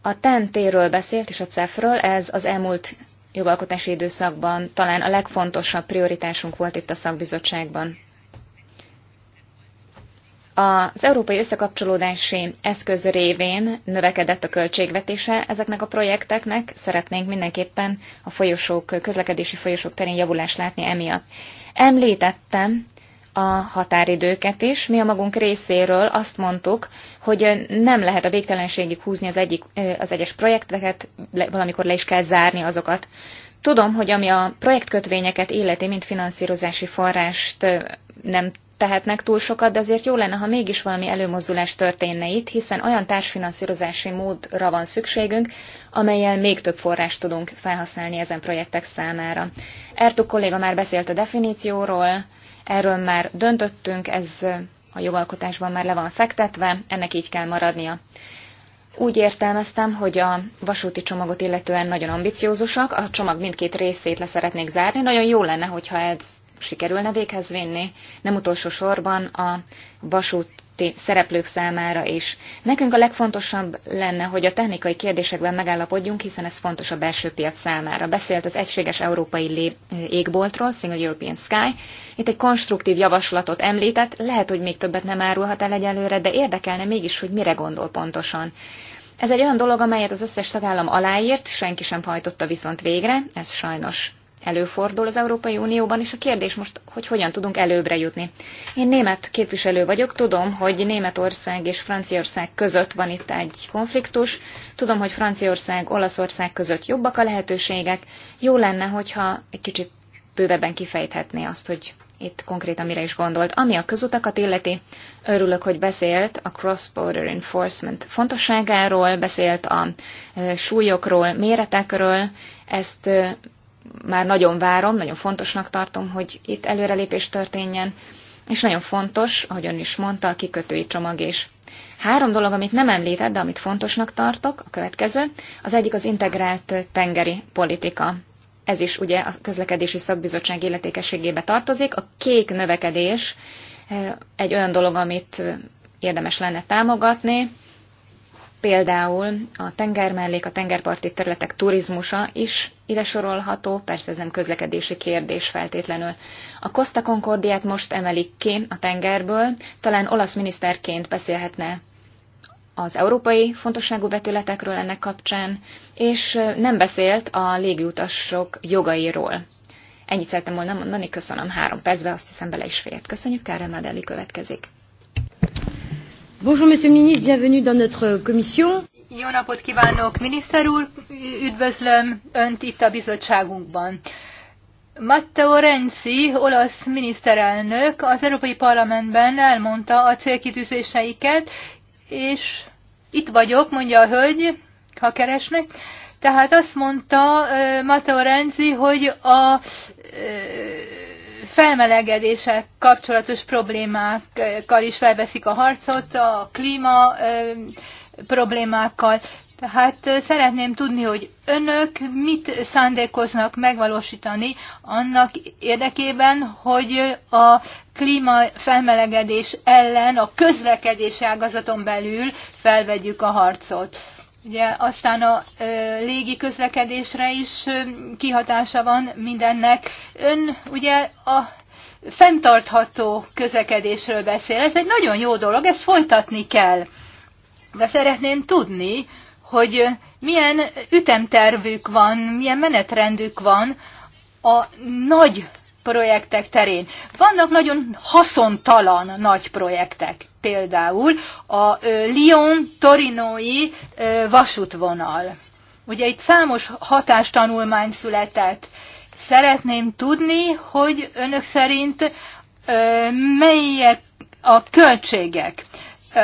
A TEN-téről beszélt, és a CEF-ről, ez az elmúlt jogalkotási időszakban talán a legfontosabb prioritásunk volt itt a szakbizottságban. Az európai összekapcsolódási eszköz révén növekedett a költségvetése ezeknek a projekteknek, szeretnénk mindenképpen a folyosók, közlekedési folyosók terén javulást látni emiatt. Említettem a határidőket is. Mi a magunk részéről azt mondtuk, hogy nem lehet a végtelenségig húzni az, egyik, az egyes projekteket, valamikor le is kell zárni azokat. Tudom, hogy ami a projektkötvényeket illeti, mint finanszírozási forrást nem tehetnek túl sokat, de azért jó lenne, ha mégis valami előmozdulás történne itt, hiszen olyan társfinanszírozási módra van szükségünk, amelyel még több forrást tudunk felhasználni ezen projektek számára. Ertug kolléga már beszélt a definícióról, erről már döntöttünk, ez a jogalkotásban már le van fektetve, ennek így kell maradnia. Úgy értelmeztem, hogy a vasúti csomagot illetően nagyon ambiciózusak, a csomag mindkét részét leszeretnék zárni, nagyon jó lenne, hogyha ez sikerülne véghez vinni, nem utolsó sorban a vasút szereplők számára is. Nekünk a legfontosabb lenne, hogy a technikai kérdésekben megállapodjunk, hiszen ez fontos a belső piac számára. Beszélt az egységes európai égboltról, Single European Sky. Itt egy konstruktív javaslatot említett, lehet, hogy még többet nem árulhat el egyelőre, de érdekelne mégis, hogy mire gondol pontosan. Ez egy olyan dolog, amelyet az összes tagállam aláírt, senki sem hajtotta viszont végre, ez sajnos előfordul az Európai Unióban, és a kérdés most, hogy hogyan tudunk előbbre jutni. Én német képviselő vagyok, tudom, hogy Németország és Franciaország között van itt egy konfliktus, tudom, hogy Franciaország, Olaszország között jobbak a lehetőségek, jó lenne, hogyha egy kicsit bővebben kifejthetné azt, hogy itt konkrétan mire is gondolt. Ami a közutakat illeti, örülök, hogy beszélt a cross-border enforcement fontosságáról, beszélt a e, súlyokról, méretekről, ezt e, már nagyon várom, nagyon fontosnak tartom, hogy itt előrelépés történjen, és nagyon fontos, ahogy ön is mondta, a kikötői csomag is. Három dolog, amit nem említett, de amit fontosnak tartok, a következő. Az egyik az integrált tengeri politika. Ez is ugye a közlekedési szakbizottság illetékességébe tartozik. A kék növekedés eh, egy olyan dolog, amit eh, érdemes lenne támogatni. Például a tenger mellék a tengerparti területek turizmusa is ide sorolható, persze ez nem közlekedési kérdés feltétlenül. A Costa Concordiát most emelik ki a tengerből, talán olasz miniszterként beszélhetne az európai fontosságú vetületekről ennek kapcsán, és nem beszélt a légiutasok jogairól. Ennyit szerettem volna mondani, köszönöm három percbe, azt hiszem bele is fért. Köszönjük, Kárem Adeli következik. Bonjour, monsieur le ministre, bienvenue dans notre commission. Jó napot kívánok, miniszter úr! Üdvözlöm Önt itt a bizottságunkban. Matteo Renzi, olasz miniszterelnök az Európai Parlamentben elmondta a célkitűzéseiket, és itt vagyok, mondja a hölgy, ha keresnek. Tehát azt mondta Matteo Renzi, hogy a felmelegedéssel kapcsolatos problémákkal is felveszik a harcot, a klíma problémákkal. Tehát szeretném tudni, hogy önök mit szándékoznak megvalósítani annak érdekében, hogy a klíma felmelegedés ellen a közlekedési ágazaton belül felvegyük a harcot. Ugye aztán a ö, légi közlekedésre is ö, kihatása van mindennek. Ön ugye a fenntartható közlekedésről beszél. Ez egy nagyon jó dolog, ezt folytatni kell. De szeretném tudni, hogy milyen ütemtervük van, milyen menetrendük van a nagy projektek terén. Vannak nagyon haszontalan nagy projektek például a Lyon-Torinói vasútvonal. Ugye itt számos hatástanulmány született. Szeretném tudni, hogy önök szerint melyek a költségek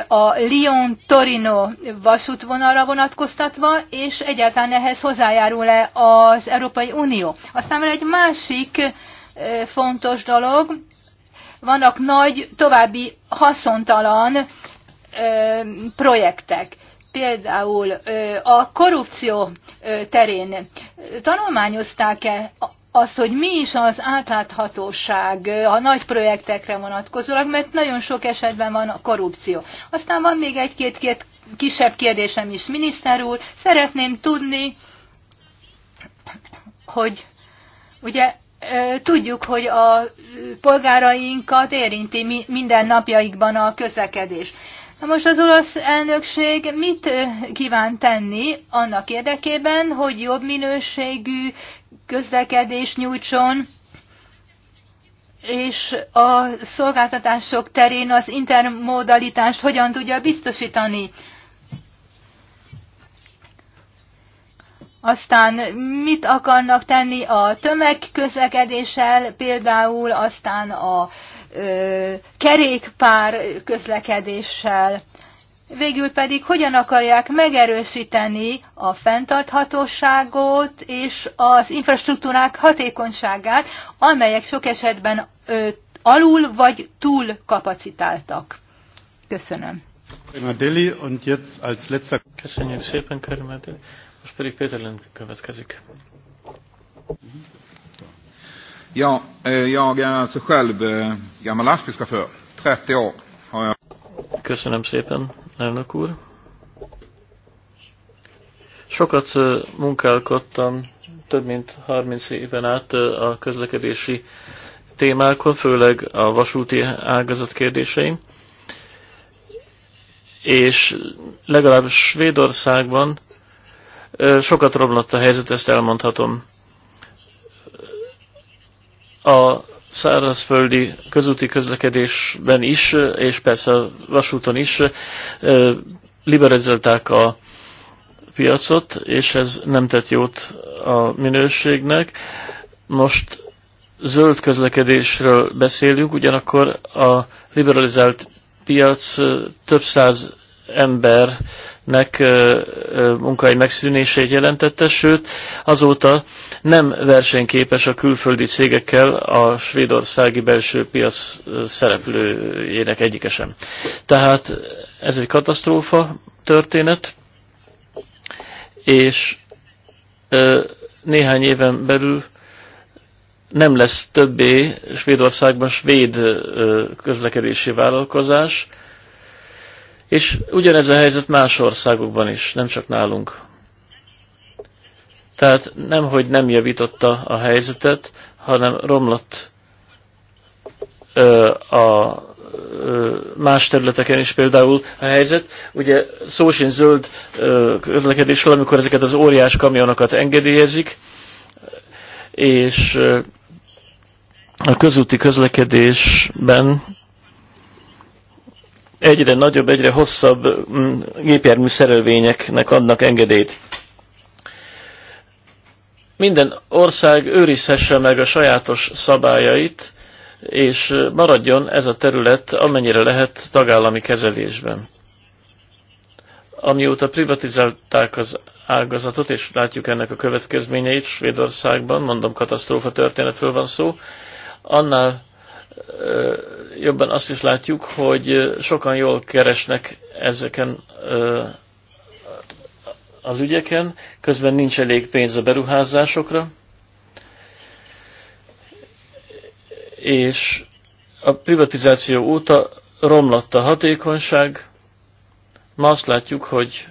a Lyon-Torino vasútvonalra vonatkoztatva, és egyáltalán ehhez hozzájárul-e az Európai Unió. Aztán van egy másik fontos dolog, vannak nagy, további haszontalan ö, projektek. Például ö, a korrupció ö, terén tanulmányozták-e az, hogy mi is az átláthatóság a nagy projektekre vonatkozólag, mert nagyon sok esetben van a korrupció. Aztán van még egy-két kisebb kérdésem is, miniszter úr. Szeretném tudni, hogy ugye Tudjuk, hogy a polgárainkat érinti minden napjaikban a közlekedés. Na most az olasz elnökség mit kíván tenni annak érdekében, hogy jobb minőségű közlekedés nyújtson, és a szolgáltatások terén az intermodalitást hogyan tudja biztosítani? Aztán mit akarnak tenni a tömegközlekedéssel, például aztán a ö, kerékpár közlekedéssel. Végül pedig hogyan akarják megerősíteni a fenntarthatóságot és az infrastruktúrák hatékonyságát, amelyek sok esetben ö, alul vagy túl kapacitáltak. Köszönöm. Köszönjük szépen, Karimadeli. Most pedig Péter következik. Ja, eh, jag är alltså själv eh, gammal lastbilschaufför. 30 år har jag. Köszönöm szépen, elnök úr. Sokat eh, munkálkodtam, több mint 30 éven át a közlekedési témákon, főleg a vasúti ágazat kérdéseim. És legalább Svédországban Sokat romlott a helyzet, ezt elmondhatom. A szárazföldi közúti közlekedésben is, és persze a vasúton is liberalizálták a piacot, és ez nem tett jót a minőségnek. Most zöld közlekedésről beszélünk, ugyanakkor a liberalizált piac több száz ember nek munkai megszűnését jelentette, sőt azóta nem versenyképes a külföldi cégekkel a svédországi belső piac szereplőjének egyike sem. Tehát ez egy katasztrófa történet, és néhány éven belül nem lesz többé Svédországban svéd közlekedési vállalkozás, és ugyanez a helyzet más országokban is, nem csak nálunk. Tehát nem, hogy nem javította a helyzetet, hanem romlott ö, a ö, más területeken is például a helyzet. Ugye szó sincs zöld közlekedésről, amikor ezeket az óriás kamionokat engedélyezik, és ö, a közúti közlekedésben egyre nagyobb, egyre hosszabb mm, gépjármű szerelvényeknek adnak engedélyt. Minden ország őrizhesse meg a sajátos szabályait, és maradjon ez a terület amennyire lehet tagállami kezelésben. Amióta privatizálták az ágazatot, és látjuk ennek a következményeit Svédországban, mondom katasztrófa történetről van szó, annál jobban azt is látjuk, hogy sokan jól keresnek ezeken az ügyeken, közben nincs elég pénz a beruházásokra, és a privatizáció óta romlott a hatékonyság. Ma azt látjuk, hogy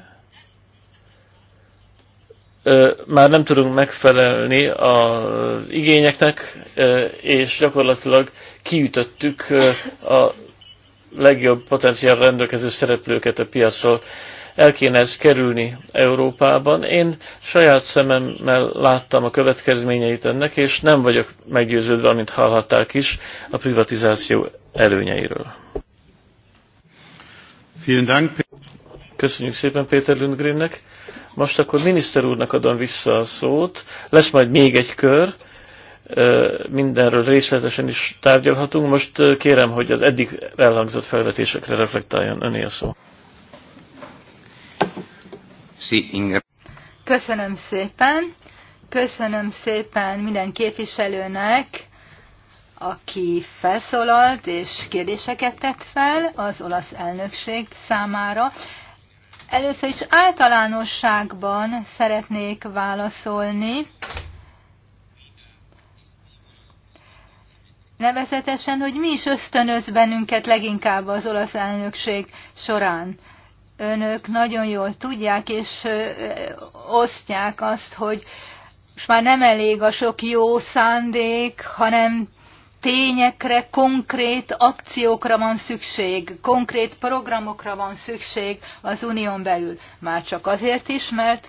már nem tudunk megfelelni az igényeknek, és gyakorlatilag kiütöttük a legjobb potenciál rendelkező szereplőket a piacról. El kéne ezt kerülni Európában. Én saját szememmel láttam a következményeit ennek, és nem vagyok meggyőződve, amint hallhatták is, a privatizáció előnyeiről. Köszönjük szépen Péter Lundgrennek. Most akkor miniszter úrnak adom vissza a szót. Lesz majd még egy kör mindenről részletesen is tárgyalhatunk. Most kérem, hogy az eddig elhangzott felvetésekre reflektáljon öné a szó. Köszönöm szépen. Köszönöm szépen minden képviselőnek, aki felszólalt és kérdéseket tett fel az olasz elnökség számára. Először is általánosságban szeretnék válaszolni Nevezetesen, hogy mi is ösztönöz bennünket leginkább az olasz elnökség során. Önök nagyon jól tudják és osztják azt, hogy most már nem elég a sok jó szándék, hanem tényekre, konkrét akciókra van szükség, konkrét programokra van szükség az unión belül. Már csak azért is, mert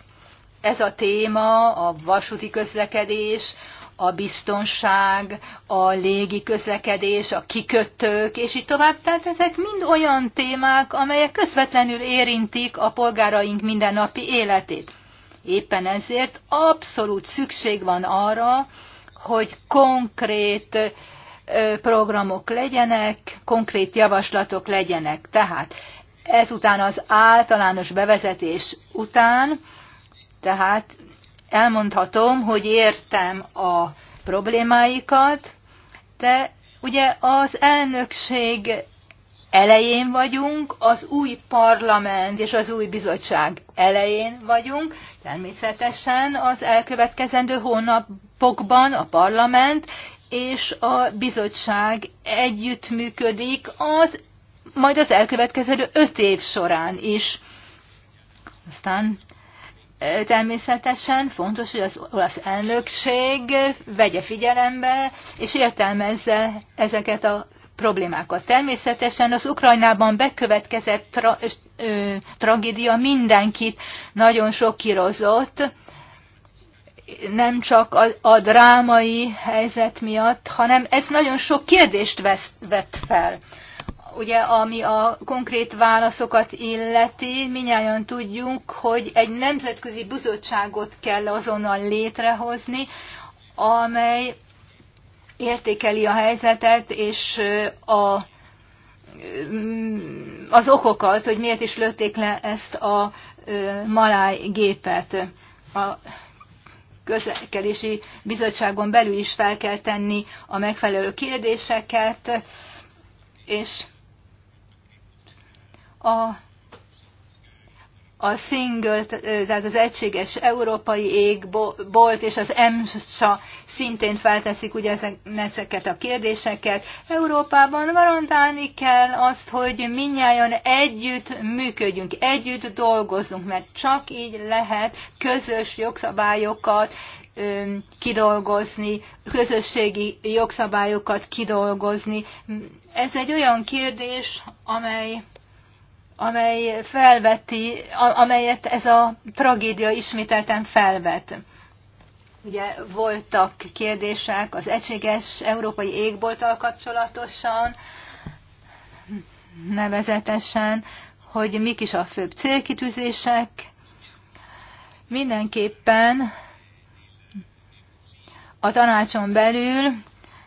ez a téma, a vasúti közlekedés, a biztonság, a légi közlekedés, a kikötők, és így tovább. Tehát ezek mind olyan témák, amelyek közvetlenül érintik a polgáraink mindennapi életét. Éppen ezért abszolút szükség van arra, hogy konkrét programok legyenek, konkrét javaslatok legyenek. Tehát ezután az általános bevezetés után, tehát elmondhatom, hogy értem a problémáikat, de ugye az elnökség elején vagyunk, az új parlament és az új bizottság elején vagyunk. Természetesen az elkövetkezendő hónapokban a parlament és a bizottság együttműködik az majd az elkövetkező öt év során is. Aztán Természetesen fontos, hogy az olasz elnökség vegye figyelembe és értelmezze ezeket a problémákat. Természetesen az Ukrajnában bekövetkezett tra- ö, tragédia mindenkit nagyon sokkirozott, nem csak a, a drámai helyzet miatt, hanem ez nagyon sok kérdést vesz, vett fel. Ugye, ami a konkrét válaszokat illeti, minnyáján tudjuk, hogy egy nemzetközi bizottságot kell azonnal létrehozni, amely értékeli a helyzetet, és a, mm, az okokat, hogy miért is lőtték le ezt a maláj gépet. A közlekedési bizottságon belül is fel kell tenni a megfelelő kérdéseket, és a, a single, tehát az egységes európai égbolt és az EMSA szintén felteszik ugye ezeket a kérdéseket. Európában garantálni kell azt, hogy minnyáján együtt működjünk, együtt dolgozunk, mert csak így lehet közös jogszabályokat, kidolgozni, közösségi jogszabályokat kidolgozni. Ez egy olyan kérdés, amely amely felveti, amelyet ez a tragédia ismételten felvet. Ugye voltak kérdések az egységes európai égbolttal kapcsolatosan, nevezetesen, hogy mik is a főbb célkitűzések. Mindenképpen a tanácson belül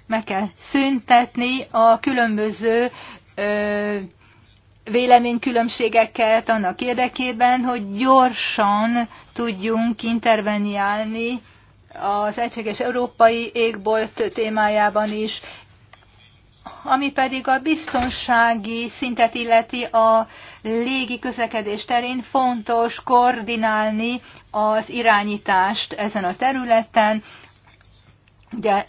meg kell szüntetni a különböző ö, véleménykülönbségeket annak érdekében, hogy gyorsan tudjunk interveniálni az egységes európai égbolt témájában is, ami pedig a biztonsági szintet illeti a légi közlekedés terén fontos koordinálni az irányítást ezen a területen. Ugye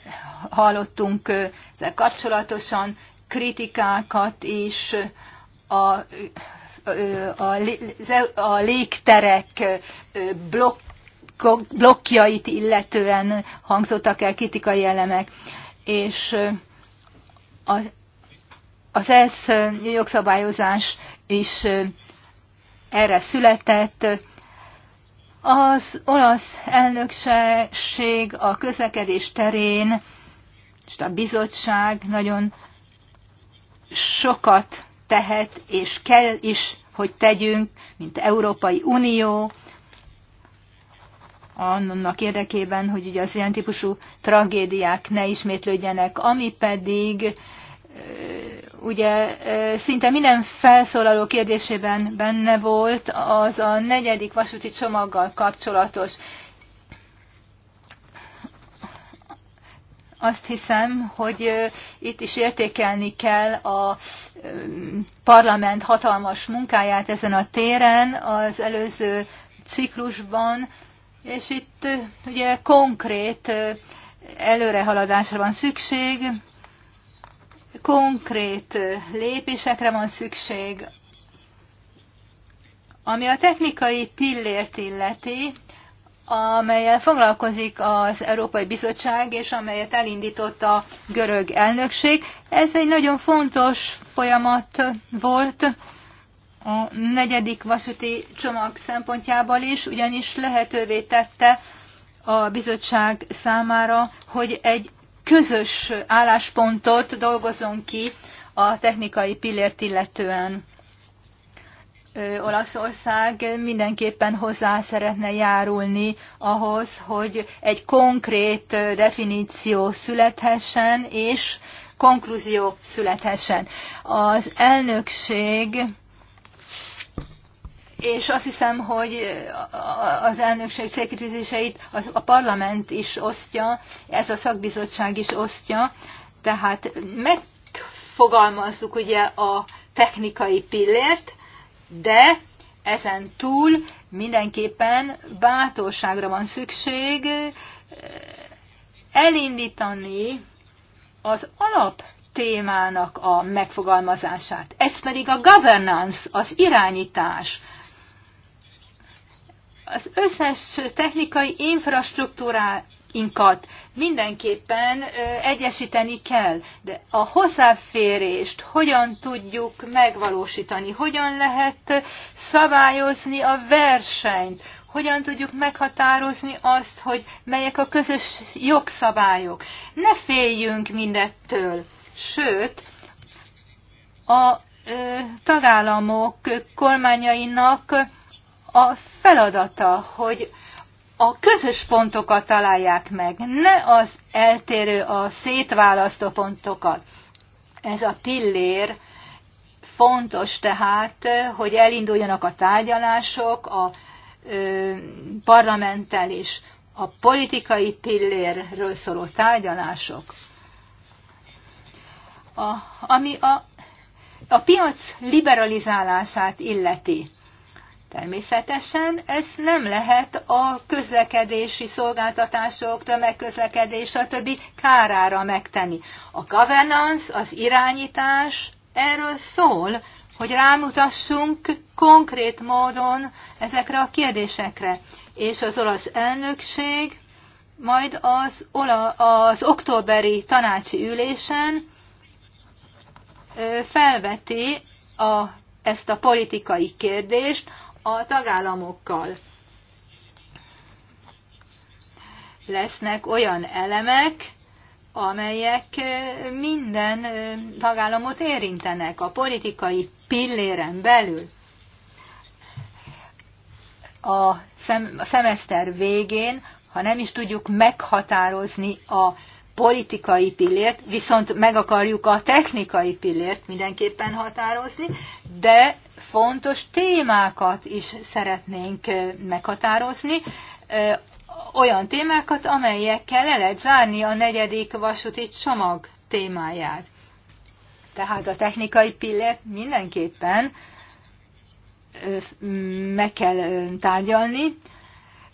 hallottunk ezzel kapcsolatosan kritikákat is a, a, a légterek blokk, blokkjait illetően hangzottak el kritikai elemek, és a, az ESZ jogszabályozás is erre született. Az olasz elnökség a közlekedés terén, és a bizottság nagyon sokat tehet és kell is, hogy tegyünk, mint Európai Unió, annak érdekében, hogy ugye az ilyen típusú tragédiák ne ismétlődjenek, ami pedig ugye szinte minden felszólaló kérdésében benne volt, az a negyedik vasúti csomaggal kapcsolatos. azt hiszem, hogy itt is értékelni kell a parlament hatalmas munkáját ezen a téren az előző ciklusban, és itt ugye konkrét előrehaladásra van szükség, konkrét lépésekre van szükség, ami a technikai pillért illeti, amelyel foglalkozik az Európai Bizottság, és amelyet elindított a görög elnökség. Ez egy nagyon fontos folyamat volt a negyedik vasúti csomag szempontjából is, ugyanis lehetővé tette a bizottság számára, hogy egy közös álláspontot dolgozzon ki a technikai pillért illetően. Olaszország mindenképpen hozzá szeretne járulni ahhoz, hogy egy konkrét definíció születhessen, és konklúzió születhessen. Az elnökség és azt hiszem, hogy az elnökség célkitűzéseit a parlament is osztja, ez a szakbizottság is osztja, tehát megfogalmazzuk ugye a technikai pillért, de ezen túl mindenképpen bátorságra van szükség eh, elindítani az alap témának a megfogalmazását. Ez pedig a governance, az irányítás. Az összes technikai infrastruktúrát inkat mindenképpen egyesíteni kell, de a hozzáférést hogyan tudjuk megvalósítani, hogyan lehet szabályozni a versenyt, hogyan tudjuk meghatározni azt, hogy melyek a közös jogszabályok. Ne féljünk mindettől, sőt, a tagállamok kormányainak a feladata, hogy a közös pontokat találják meg, ne az eltérő, a szétválasztó pontokat. Ez a pillér fontos tehát, hogy elinduljanak a tárgyalások a ö, parlamenttel is. A politikai pillérről szóló tárgyalások, a, ami a, a piac liberalizálását illeti Természetesen ez nem lehet a közlekedési szolgáltatások, tömegközlekedés, többi kárára megtenni. A governance, az irányítás erről szól, hogy rámutassunk konkrét módon ezekre a kérdésekre. És az olasz elnökség majd az, ola, az októberi tanácsi ülésen felveti a, ezt a politikai kérdést, a tagállamokkal. Lesznek olyan elemek, amelyek minden tagállamot érintenek a politikai pilléren belül. A, szemeszter végén, ha nem is tudjuk meghatározni a politikai pillért, viszont meg akarjuk a technikai pillért mindenképpen határozni, de fontos témákat is szeretnénk meghatározni, olyan témákat, amelyekkel le lehet zárni a negyedik vasúti csomag témáját. Tehát a technikai pillért mindenképpen meg kell tárgyalni.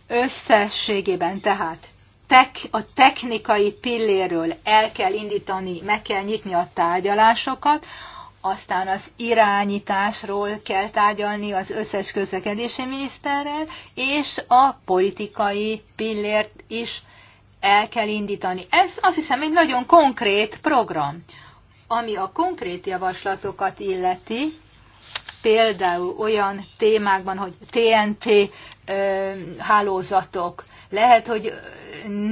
Összességében tehát tek, a technikai pilléről el kell indítani, meg kell nyitni a tárgyalásokat, aztán az irányításról kell tárgyalni az összes közlekedési miniszterrel, és a politikai pillért is el kell indítani. Ez azt hiszem egy nagyon konkrét program, ami a konkrét javaslatokat illeti, például olyan témákban, hogy TNT ö, hálózatok. Lehet, hogy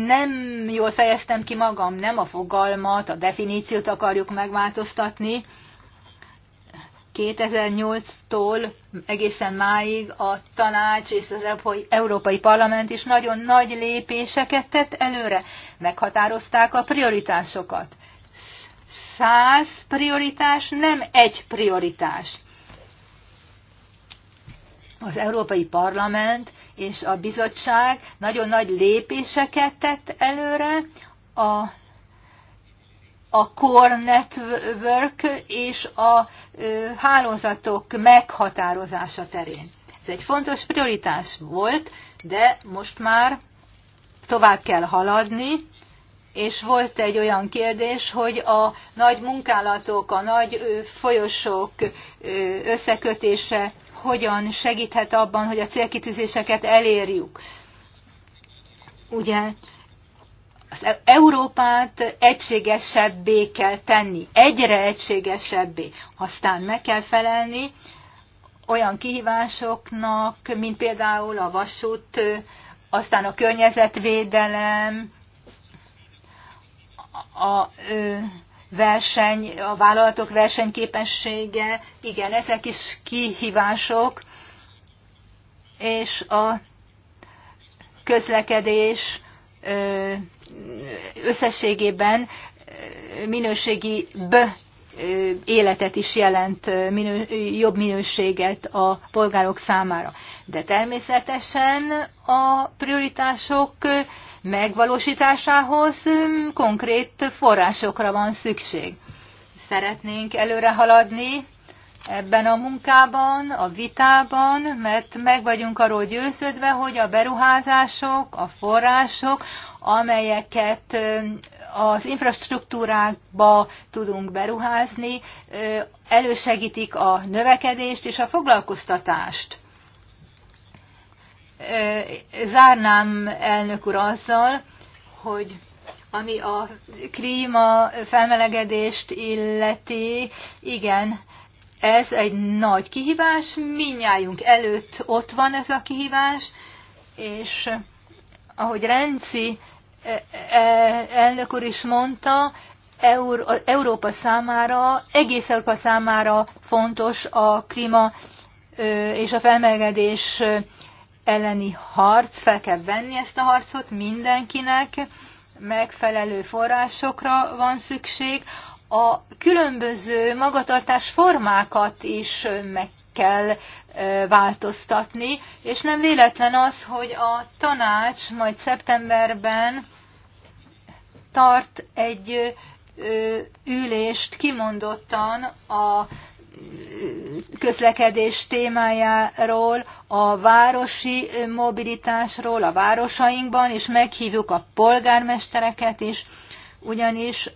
nem jól fejeztem ki magam, nem a fogalmat, a definíciót akarjuk megváltoztatni, 2008-tól egészen máig a tanács és az Európai Parlament is nagyon nagy lépéseket tett előre. Meghatározták a prioritásokat. Száz prioritás nem egy prioritás. Az Európai Parlament és a bizottság nagyon nagy lépéseket tett előre a a core network és a hálózatok meghatározása terén. Ez egy fontos prioritás volt, de most már tovább kell haladni, és volt egy olyan kérdés, hogy a nagy munkálatok, a nagy folyosók összekötése hogyan segíthet abban, hogy a célkitűzéseket elérjük. Ugye az e- Európát egységesebbé kell tenni, egyre egységesebbé. Aztán meg kell felelni olyan kihívásoknak, mint például a vasút, aztán a környezetvédelem, a verseny, a vállalatok versenyképessége, igen, ezek is kihívások, és a közlekedés összességében minőségi B életet is jelent, minő, jobb minőséget a polgárok számára. De természetesen a prioritások megvalósításához konkrét forrásokra van szükség. Szeretnénk előre haladni ebben a munkában, a vitában, mert meg vagyunk arról győződve, hogy a beruházások, a források, amelyeket az infrastruktúrákba tudunk beruházni, elősegítik a növekedést és a foglalkoztatást. Zárnám elnök úr azzal, hogy ami a klíma felmelegedést illeti, igen, ez egy nagy kihívás, minnyájunk előtt ott van ez a kihívás, és ahogy Renci e, e, elnök úr is mondta, Európa számára, egész Európa számára fontos a klíma és a felmelegedés elleni harc, fel kell venni ezt a harcot mindenkinek, megfelelő forrásokra van szükség, a különböző magatartás formákat is meg kell változtatni, és nem véletlen az, hogy a tanács majd szeptemberben tart egy ülést kimondottan a közlekedés témájáról, a városi mobilitásról a városainkban, és meghívjuk a polgármestereket is, ugyanis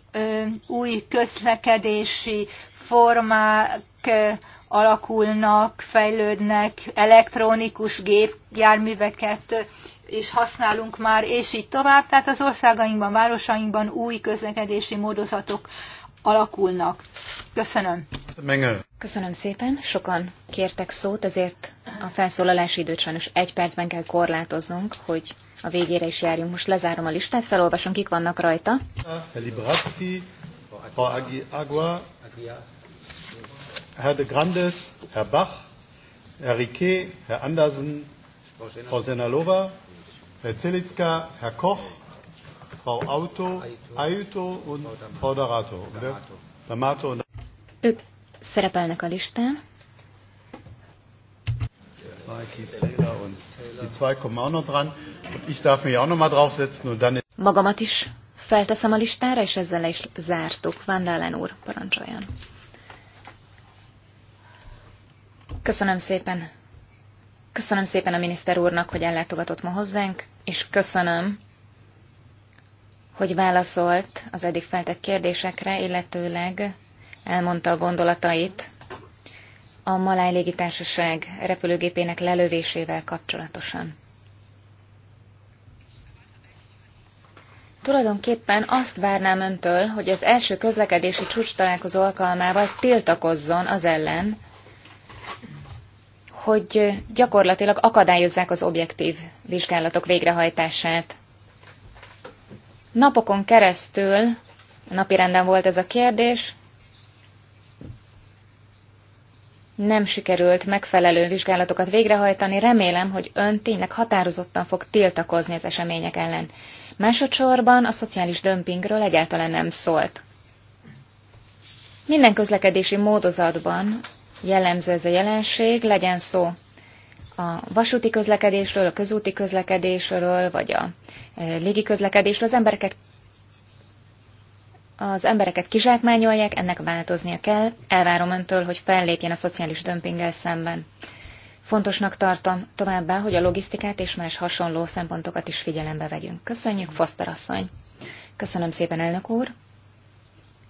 új közlekedési formák alakulnak, fejlődnek, elektronikus gépjárműveket is használunk már, és így tovább. Tehát az országainkban, városainkban új közlekedési módozatok alakulnak. Köszönöm. Köszönöm szépen. Sokan kértek szót, ezért a felszólalási időt sajnos egy percben kell korlátoznunk, hogy a végére is járjunk. Most lezárom a listát, felolvasom, kik vannak rajta. Liberacki, Frau Agua, Herr de Grandes, Herr Bach, Herr Riquet, Herr Andersen, Frau Senalova, Herr Zelitska, Herr Koch, Frau Auto, Aito und Frau D'Amato. D'Amato ők szerepelnek a listán. Magamat is felteszem a listára, és ezzel le is zártuk. Van úr, parancsoljon. Köszönöm szépen. Köszönöm szépen a miniszter úrnak, hogy ellátogatott ma hozzánk, és köszönöm hogy válaszolt az eddig feltett kérdésekre, illetőleg elmondta a gondolatait a Maláj légitársaság repülőgépének lelövésével kapcsolatosan. Tulajdonképpen azt várnám öntől, hogy az első közlekedési csúcs találkozó alkalmával tiltakozzon az ellen, hogy gyakorlatilag akadályozzák az objektív vizsgálatok végrehajtását. Napokon keresztül napirenden volt ez a kérdés, nem sikerült megfelelő vizsgálatokat végrehajtani, remélem, hogy ön tényleg határozottan fog tiltakozni az események ellen. Másodszorban a szociális dömpingről egyáltalán nem szólt. Minden közlekedési módozatban jellemző ez a jelenség, legyen szó a vasúti közlekedésről, a közúti közlekedésről, vagy a e, légi közlekedésről, az embereket az embereket kizsákmányolják, ennek változnia kell. Elvárom öntől, hogy fellépjen a szociális dömpinggel szemben. Fontosnak tartom továbbá, hogy a logisztikát és más hasonló szempontokat is figyelembe vegyünk. Köszönjük, Foster asszony! Köszönöm szépen, elnök úr!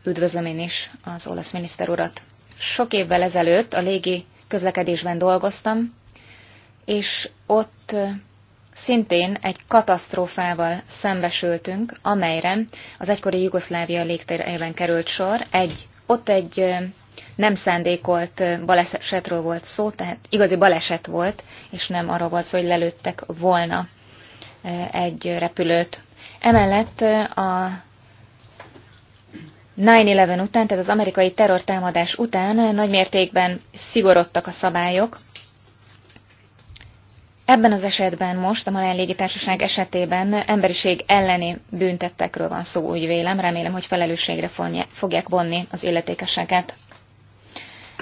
Üdvözlöm én is az olasz miniszter urat! Sok évvel ezelőtt a légi közlekedésben dolgoztam, és ott szintén egy katasztrófával szembesültünk, amelyre az egykori Jugoszlávia légterében került sor. Egy, ott egy nem szándékolt balesetről volt szó, tehát igazi baleset volt, és nem arról volt szó, hogy lelőttek volna egy repülőt. Emellett a 9-11 után, tehát az amerikai terrortámadás után nagymértékben szigorodtak a szabályok, Ebben az esetben most, a Malán légitársaság esetében emberiség elleni büntettekről van szó, úgy vélem, remélem, hogy felelősségre fogják vonni az illetékeseket.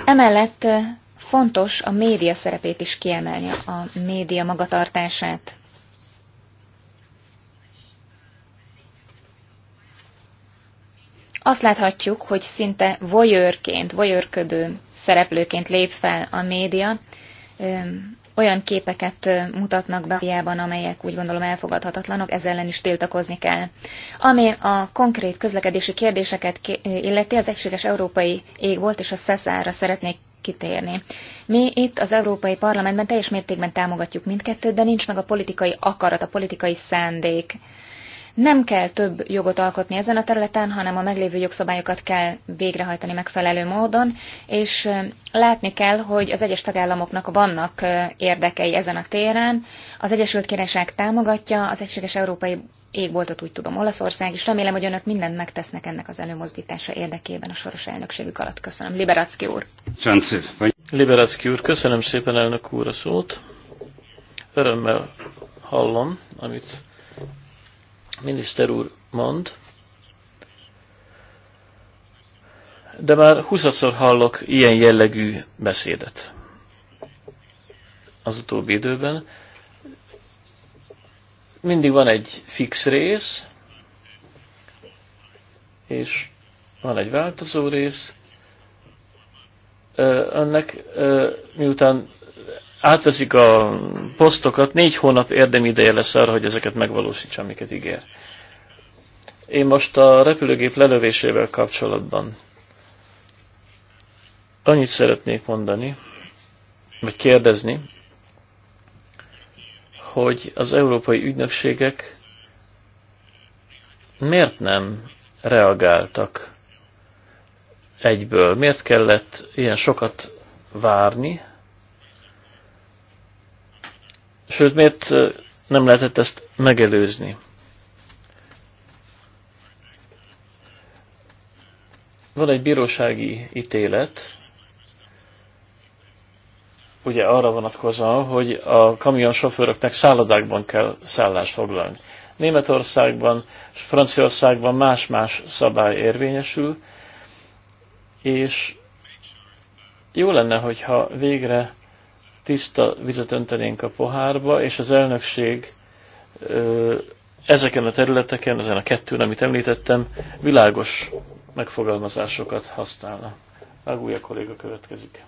Emellett eh, fontos a média szerepét is kiemelni, a média magatartását. Azt láthatjuk, hogy szinte voyőrként, voyőrködő szereplőként lép fel a média, eh, olyan képeket mutatnak be Biában, amelyek úgy gondolom elfogadhatatlanok, ezzel ellen is tiltakozni kell. Ami a konkrét közlekedési kérdéseket illeti, az Egységes Európai Ég volt, és a SESZ-ára szeretnék kitérni. Mi itt az Európai Parlamentben teljes mértékben támogatjuk mindkettőt, de nincs meg a politikai akarat, a politikai szándék nem kell több jogot alkotni ezen a területen, hanem a meglévő jogszabályokat kell végrehajtani megfelelő módon, és látni kell, hogy az egyes tagállamoknak vannak érdekei ezen a téren. Az Egyesült Királyság támogatja, az Egységes Európai Égboltot úgy tudom Olaszország, és remélem, hogy önök mindent megtesznek ennek az előmozdítása érdekében a soros elnökségük alatt. Köszönöm. Liberacki úr. Liberacki úr, köszönöm szépen elnök úr a szót. Örömmel hallom, amit miniszter úr mond, de már huszadszor hallok ilyen jellegű beszédet az utóbbi időben. Mindig van egy fix rész, és van egy változó rész. Önnek miután átveszik a posztokat, négy hónap érdemi ideje lesz arra, hogy ezeket megvalósítsa, amiket ígér. Én most a repülőgép lelövésével kapcsolatban annyit szeretnék mondani, vagy kérdezni, hogy az európai ügynökségek miért nem reagáltak egyből? Miért kellett ilyen sokat várni, Sőt, miért nem lehetett ezt megelőzni? Van egy bírósági ítélet, ugye arra vonatkozóan, hogy a kamionsofőröknek szállodákban kell szállást foglalni. Németországban, és Franciaországban más-más szabály érvényesül, és jó lenne, hogyha végre tiszta vizet öntenénk a pohárba, és az elnökség ezeken a területeken, ezen a kettőn, amit említettem, világos megfogalmazásokat használna. Ágúja kolléga következik.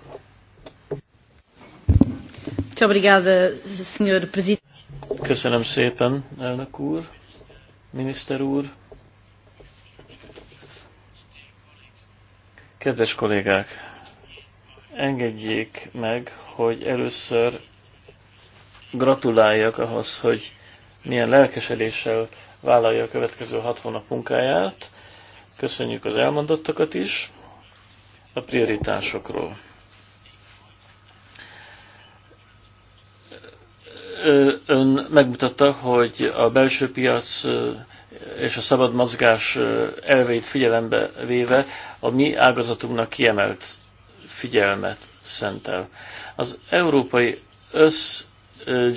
Köszönöm szépen, elnök úr, miniszter úr. Kedves kollégák! engedjék meg, hogy először gratuláljak ahhoz, hogy milyen lelkesedéssel vállalja a következő hat hónap munkáját. Köszönjük az elmondottakat is a prioritásokról. Ön megmutatta, hogy a belső piac és a szabad mozgás elveit figyelembe véve a mi ágazatunknak kiemelt figyelmet szentel. Az európai össz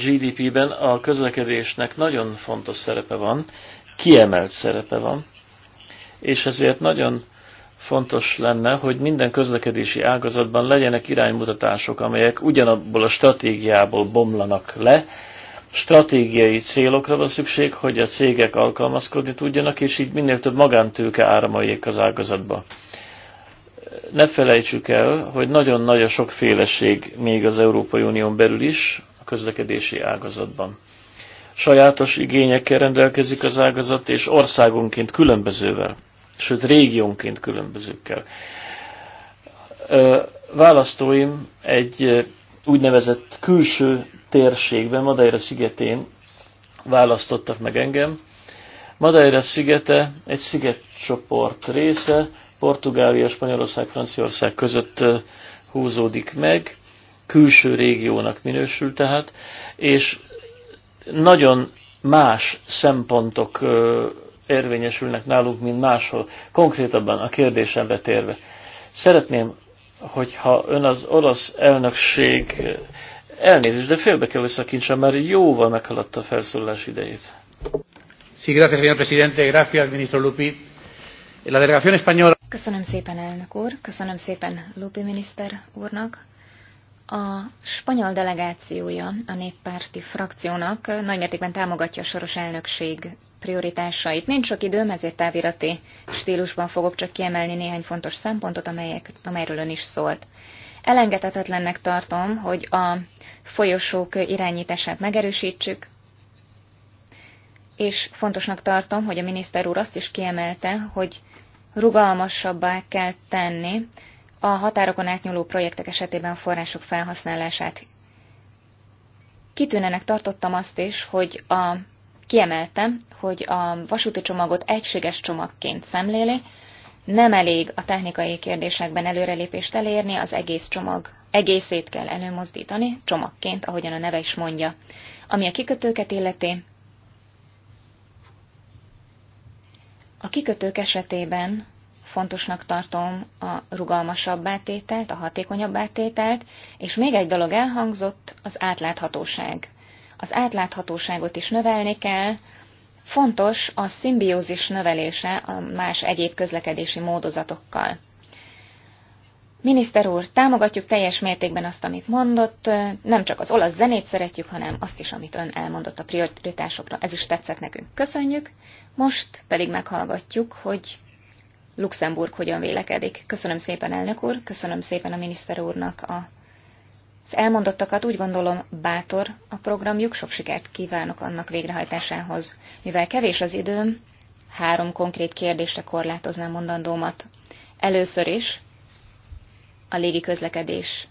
GDP-ben a közlekedésnek nagyon fontos szerepe van, kiemelt szerepe van, és ezért nagyon fontos lenne, hogy minden közlekedési ágazatban legyenek iránymutatások, amelyek ugyanabból a stratégiából bomlanak le. Stratégiai célokra van szükség, hogy a cégek alkalmazkodni tudjanak, és így minél több magántőke áramolják az ágazatba ne felejtsük el, hogy nagyon nagy a sokféleség még az Európai Unión belül is a közlekedési ágazatban. Sajátos igényekkel rendelkezik az ágazat, és országonként különbözővel, sőt régiónként különbözőkkel. Választóim egy úgynevezett külső térségben, Madeira szigetén választottak meg engem. Madeira szigete egy szigetcsoport része, Portugália, Spanyolország, Franciaország között húzódik meg, külső régiónak minősül tehát, és nagyon más szempontok érvényesülnek nálunk, mint máshol. Konkrétabban a kérdésemre térve. Szeretném, hogyha ön az olasz elnökség elnézést, de félbe kell, hogy mert jóval meghaladta a felszólalás idejét. Sí, gracias, señor presidente. Gracias, ministro Lupi. La delegación española... Köszönöm szépen, elnök úr, köszönöm szépen Lupi miniszter úrnak. A spanyol delegációja a néppárti frakciónak nagymértékben támogatja a soros elnökség prioritásait. Nincs sok időm, ezért távirati stílusban fogok csak kiemelni néhány fontos szempontot, amelyek, amelyről ön is szólt. Elengedhetetlennek tartom, hogy a folyosók irányítását megerősítsük, és fontosnak tartom, hogy a miniszter úr azt is kiemelte, hogy rugalmasabbá kell tenni a határokon átnyúló projektek esetében a források felhasználását. Kitűnenek tartottam azt is, hogy a, kiemeltem, hogy a vasúti csomagot egységes csomagként szemléli, nem elég a technikai kérdésekben előrelépést elérni, az egész csomag egészét kell előmozdítani, csomagként, ahogyan a neve is mondja. Ami a kikötőket illeti, A kikötők esetében fontosnak tartom a rugalmasabb átételt, a hatékonyabb átételt, és még egy dolog elhangzott, az átláthatóság. Az átláthatóságot is növelni kell, fontos a szimbiózis növelése a más egyéb közlekedési módozatokkal. Miniszter úr, támogatjuk teljes mértékben azt, amit mondott. Nem csak az olasz zenét szeretjük, hanem azt is, amit ön elmondott a prioritásokra. Ez is tetszett nekünk. Köszönjük. Most pedig meghallgatjuk, hogy Luxemburg hogyan vélekedik. Köszönöm szépen, elnök úr, köszönöm szépen a miniszter úrnak a, az elmondottakat. Úgy gondolom, bátor a programjuk, sok sikert kívánok annak végrehajtásához. Mivel kevés az időm, három konkrét kérdésre korlátoznám mondandómat. Először is, a légi közlekedés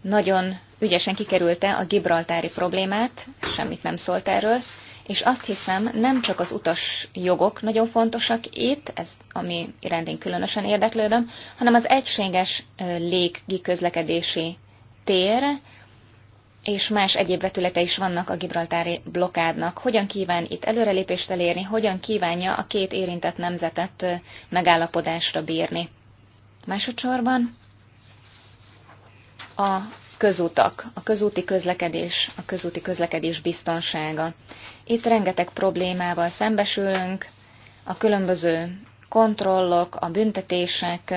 nagyon ügyesen kikerülte a gibraltári problémát, semmit nem szólt erről, és azt hiszem, nem csak az utas jogok nagyon fontosak itt, ez, ami iránt én különösen érdeklődöm, hanem az egységes légi közlekedési tér, és más egyéb vetülete is vannak a gibraltári blokádnak. Hogyan kíván itt előrelépést elérni, hogyan kívánja a két érintett nemzetet megállapodásra bírni. Másodszorban a közutak, a közúti közlekedés, a közúti közlekedés biztonsága. Itt rengeteg problémával szembesülünk, a különböző kontrollok, a büntetések,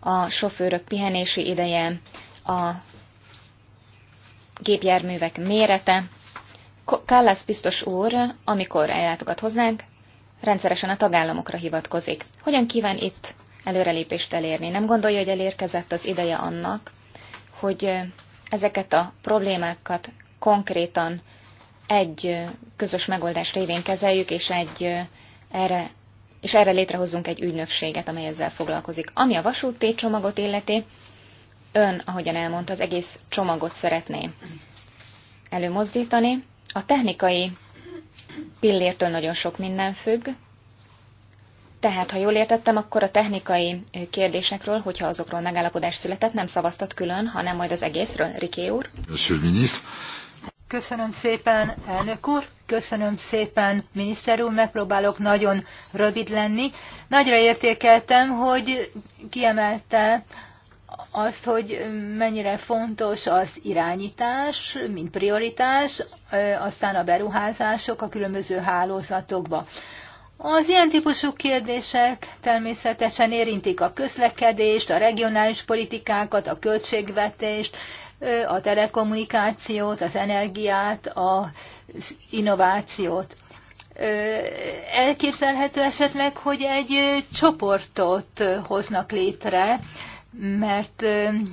a sofőrök pihenési ideje, a gépjárművek mérete. Kállász biztos úr, amikor ellátogat hozzánk, rendszeresen a tagállamokra hivatkozik. Hogyan kíván itt előrelépést elérni. Nem gondolja, hogy elérkezett az ideje annak, hogy ezeket a problémákat konkrétan egy közös megoldás révén kezeljük, és egy erre és erre létrehozzunk egy ügynökséget, amely ezzel foglalkozik. Ami a vasúti csomagot illeti, ön, ahogyan elmondta, az egész csomagot szeretné előmozdítani. A technikai pillértől nagyon sok minden függ, tehát, ha jól értettem, akkor a technikai kérdésekről, hogyha azokról megállapodás született, nem szavaztat külön, hanem majd az egészről, Riké úr. Köszönöm szépen, elnök úr, köszönöm szépen, miniszter úr, megpróbálok nagyon rövid lenni. Nagyra értékeltem, hogy kiemelte azt, hogy mennyire fontos az irányítás, mint prioritás, aztán a beruházások a különböző hálózatokba. Az ilyen típusú kérdések természetesen érintik a közlekedést, a regionális politikákat, a költségvetést, a telekommunikációt, az energiát, az innovációt. Elképzelhető esetleg, hogy egy csoportot hoznak létre, mert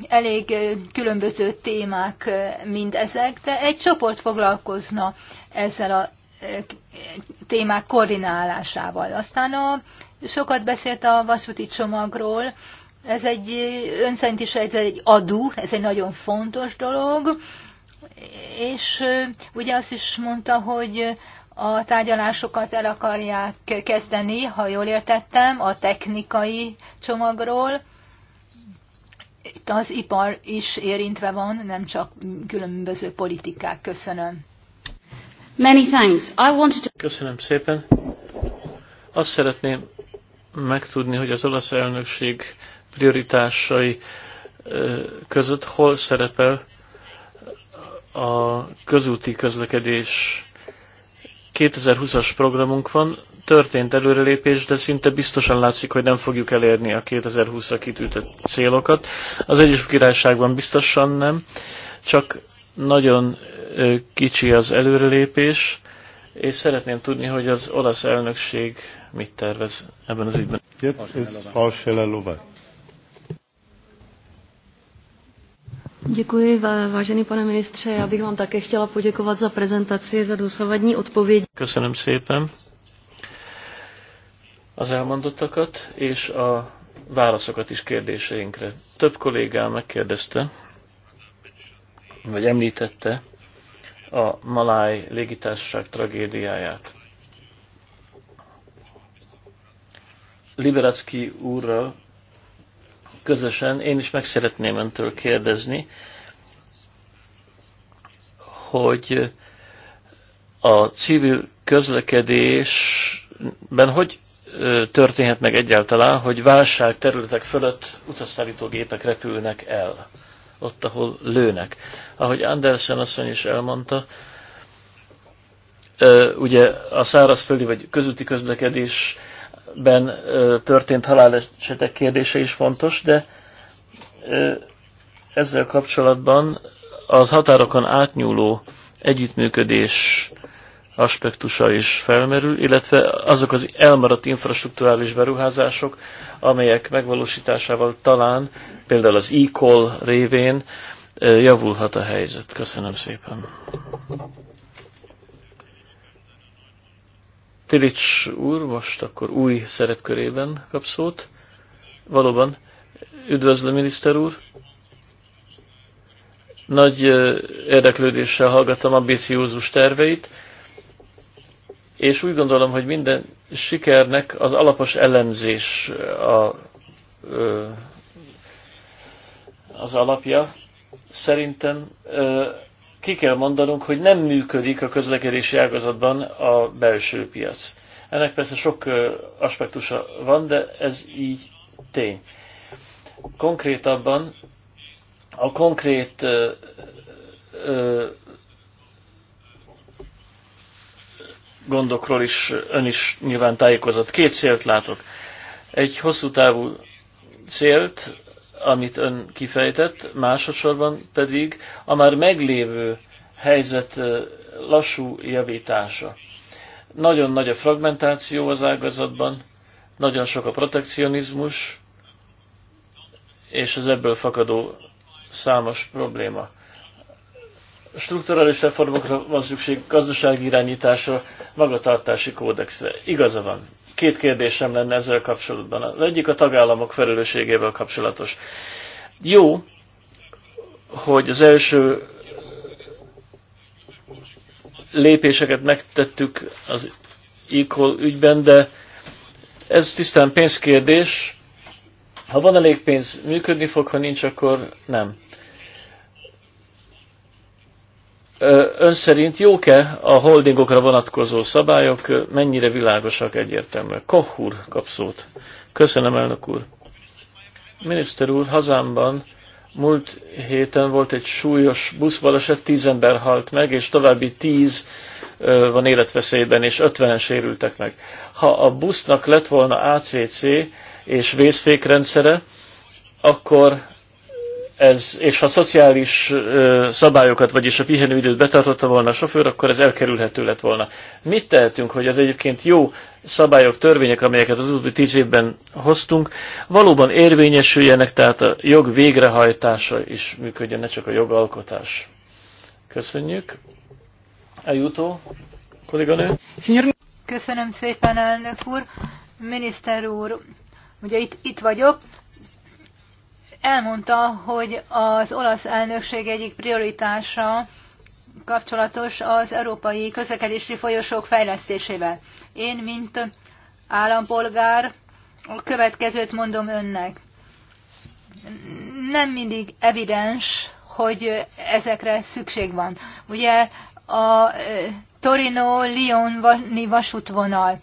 elég különböző témák mindezek, de egy csoport foglalkozna ezzel a témák koordinálásával. Aztán a, sokat beszélt a vasúti csomagról, ez egy, ön szerint is ez egy adó, ez egy nagyon fontos dolog, és ugye azt is mondta, hogy a tárgyalásokat el akarják kezdeni, ha jól értettem, a technikai csomagról. Itt az ipar is érintve van, nem csak különböző politikák. Köszönöm. Many thanks. I wanted to... Köszönöm szépen. Azt szeretném megtudni, hogy az olasz elnökség prioritásai között hol szerepel a közúti közlekedés 2020-as programunk van, történt előrelépés, de szinte biztosan látszik, hogy nem fogjuk elérni a 2020-ra kitűtött célokat. Az Egyesült Királyságban biztosan nem, csak nagyon kicsi az előrelépés, és szeretném tudni, hogy az olasz elnökség mit tervez ebben az ügyben. Děkuji, vážený pane ministře. Já bych vám také chtěla poděkovat za prezentaci, za dosavadní odpověď. Köszönöm szépen az elmondottakat és a válaszokat is kérdéseinkre. Több kollégám megkérdezte, vagy említette, a Maláj légitársaság tragédiáját. Liberacki úrral közösen én is meg szeretném öntől kérdezni, hogy a civil közlekedésben hogy történhet meg egyáltalán, hogy válság területek fölött utasszállító gépek repülnek el? ott, ahol lőnek. Ahogy Andersen asszony is elmondta, ugye a szárazföldi vagy közúti közlekedésben történt halálesetek kérdése is fontos, de ezzel kapcsolatban az határokon átnyúló együttműködés aspektusa is felmerül, illetve azok az elmaradt infrastruktúrális beruházások, amelyek megvalósításával talán, például az e-call révén javulhat a helyzet. Köszönöm szépen. Tilics úr most akkor új szerepkörében kap szót. Valóban, üdvözlöm miniszter úr. Nagy érdeklődéssel hallgattam ambiciózus terveit és úgy gondolom, hogy minden sikernek az alapos elemzés a, az alapja. Szerintem ki kell mondanunk, hogy nem működik a közlekedési ágazatban a belső piac. Ennek persze sok aspektusa van, de ez így tény. Konkrétabban a konkrét gondokról is ön is nyilván tájékozott. Két célt látok. Egy hosszú távú célt, amit ön kifejtett, másodszorban pedig a már meglévő helyzet lassú javítása. Nagyon nagy a fragmentáció az ágazatban, nagyon sok a protekcionizmus, és az ebből fakadó számos probléma strukturális reformokra van szükség, gazdasági irányításra, magatartási kódexre. Igaza van. Két kérdésem lenne ezzel kapcsolatban. Az egyik a tagállamok felelősségével kapcsolatos. Jó, hogy az első lépéseket megtettük az ikol ügyben, de ez tisztán pénzkérdés. Ha van elég pénz, működni fog, ha nincs, akkor nem. Ön szerint jók-e a holdingokra vonatkozó szabályok, mennyire világosak egyértelműen? Koch úr kap szót. Köszönöm, elnök úr. Miniszter úr, hazámban múlt héten volt egy súlyos buszbaleset, tíz ember halt meg, és további tíz van életveszélyben, és ötvenen sérültek meg. Ha a busznak lett volna ACC és vészfékrendszere, akkor ez, és ha szociális ö, szabályokat, vagyis a pihenőidőt betartotta volna a sofőr, akkor ez elkerülhető lett volna. Mit tehetünk, hogy az egyébként jó szabályok, törvények, amelyeket az utóbbi tíz évben hoztunk, valóban érvényesüljenek, tehát a jog végrehajtása is működjön, ne csak a jogalkotás. Köszönjük. Eljutó kolléganő. Köszönöm szépen, elnök úr. Miniszter úr, ugye itt, itt vagyok, elmondta, hogy az olasz elnökség egyik prioritása kapcsolatos az európai közlekedési folyosók fejlesztésével. Én, mint állampolgár, a következőt mondom önnek. Nem mindig evidens, hogy ezekre szükség van. Ugye a e, torino lyon vasútvonal.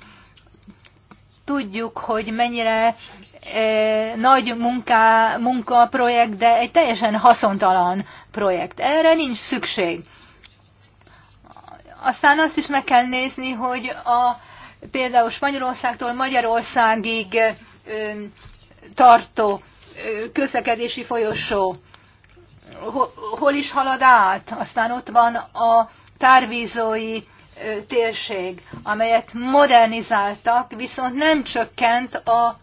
Tudjuk, hogy mennyire nagy munka munkaprojekt, de egy teljesen haszontalan projekt. Erre nincs szükség. Aztán azt is meg kell nézni, hogy a, például Spanyolországtól Magyarországig tartó közlekedési folyosó hol is halad át. Aztán ott van a tárvízói térség, amelyet modernizáltak, viszont nem csökkent a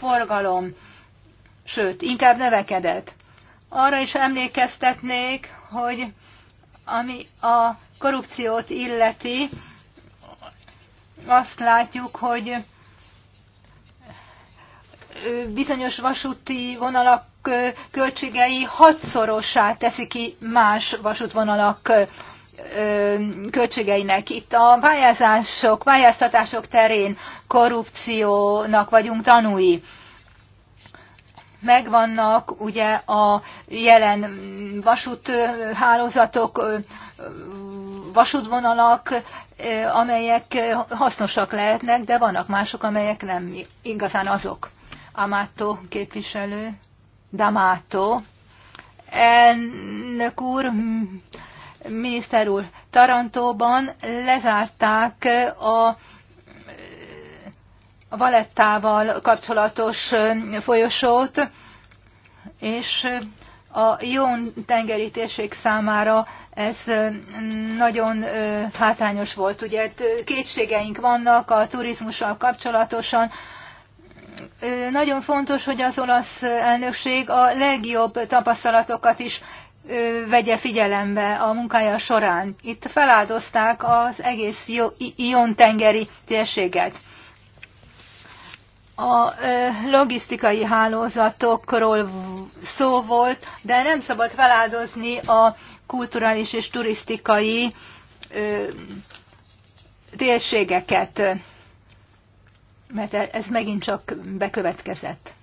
forgalom, sőt, inkább növekedett. Arra is emlékeztetnék, hogy ami a korrupciót illeti, azt látjuk, hogy bizonyos vasúti vonalak költségei hatszorossá teszi ki más vasútvonalak költségeinek. Itt a pályázások, pályáztatások terén korrupciónak vagyunk tanúi. Megvannak ugye a jelen vasúthálózatok, vasútvonalak, amelyek hasznosak lehetnek, de vannak mások, amelyek nem igazán azok. Amato képviselő, Damato, elnök úr, miniszter úr, Tarantóban lezárták a a Valettával kapcsolatos folyosót, és a jó tengeri térség számára ez nagyon hátrányos volt. Ugye kétségeink vannak a turizmussal kapcsolatosan. Nagyon fontos, hogy az olasz elnökség a legjobb tapasztalatokat is vegye figyelembe a munkája során. Itt feláldozták az egész Ion-tengeri térséget. A logisztikai hálózatokról szó volt, de nem szabad feláldozni a kulturális és turisztikai térségeket, mert ez megint csak bekövetkezett.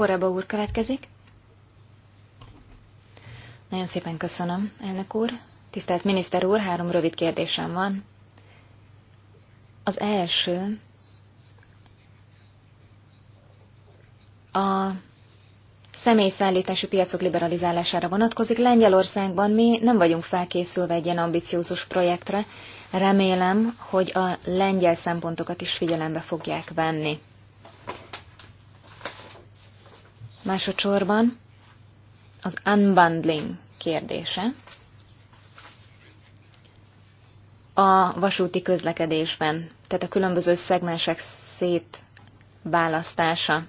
Poreba úr következik. Nagyon szépen köszönöm, elnök úr. Tisztelt miniszter úr, három rövid kérdésem van. Az első a személyszállítási piacok liberalizálására vonatkozik. Lengyelországban mi nem vagyunk felkészülve egy ilyen ambiciózus projektre. Remélem, hogy a lengyel szempontokat is figyelembe fogják venni. Másodszorban az unbundling kérdése. A vasúti közlekedésben, tehát a különböző szegmensek szétválasztása.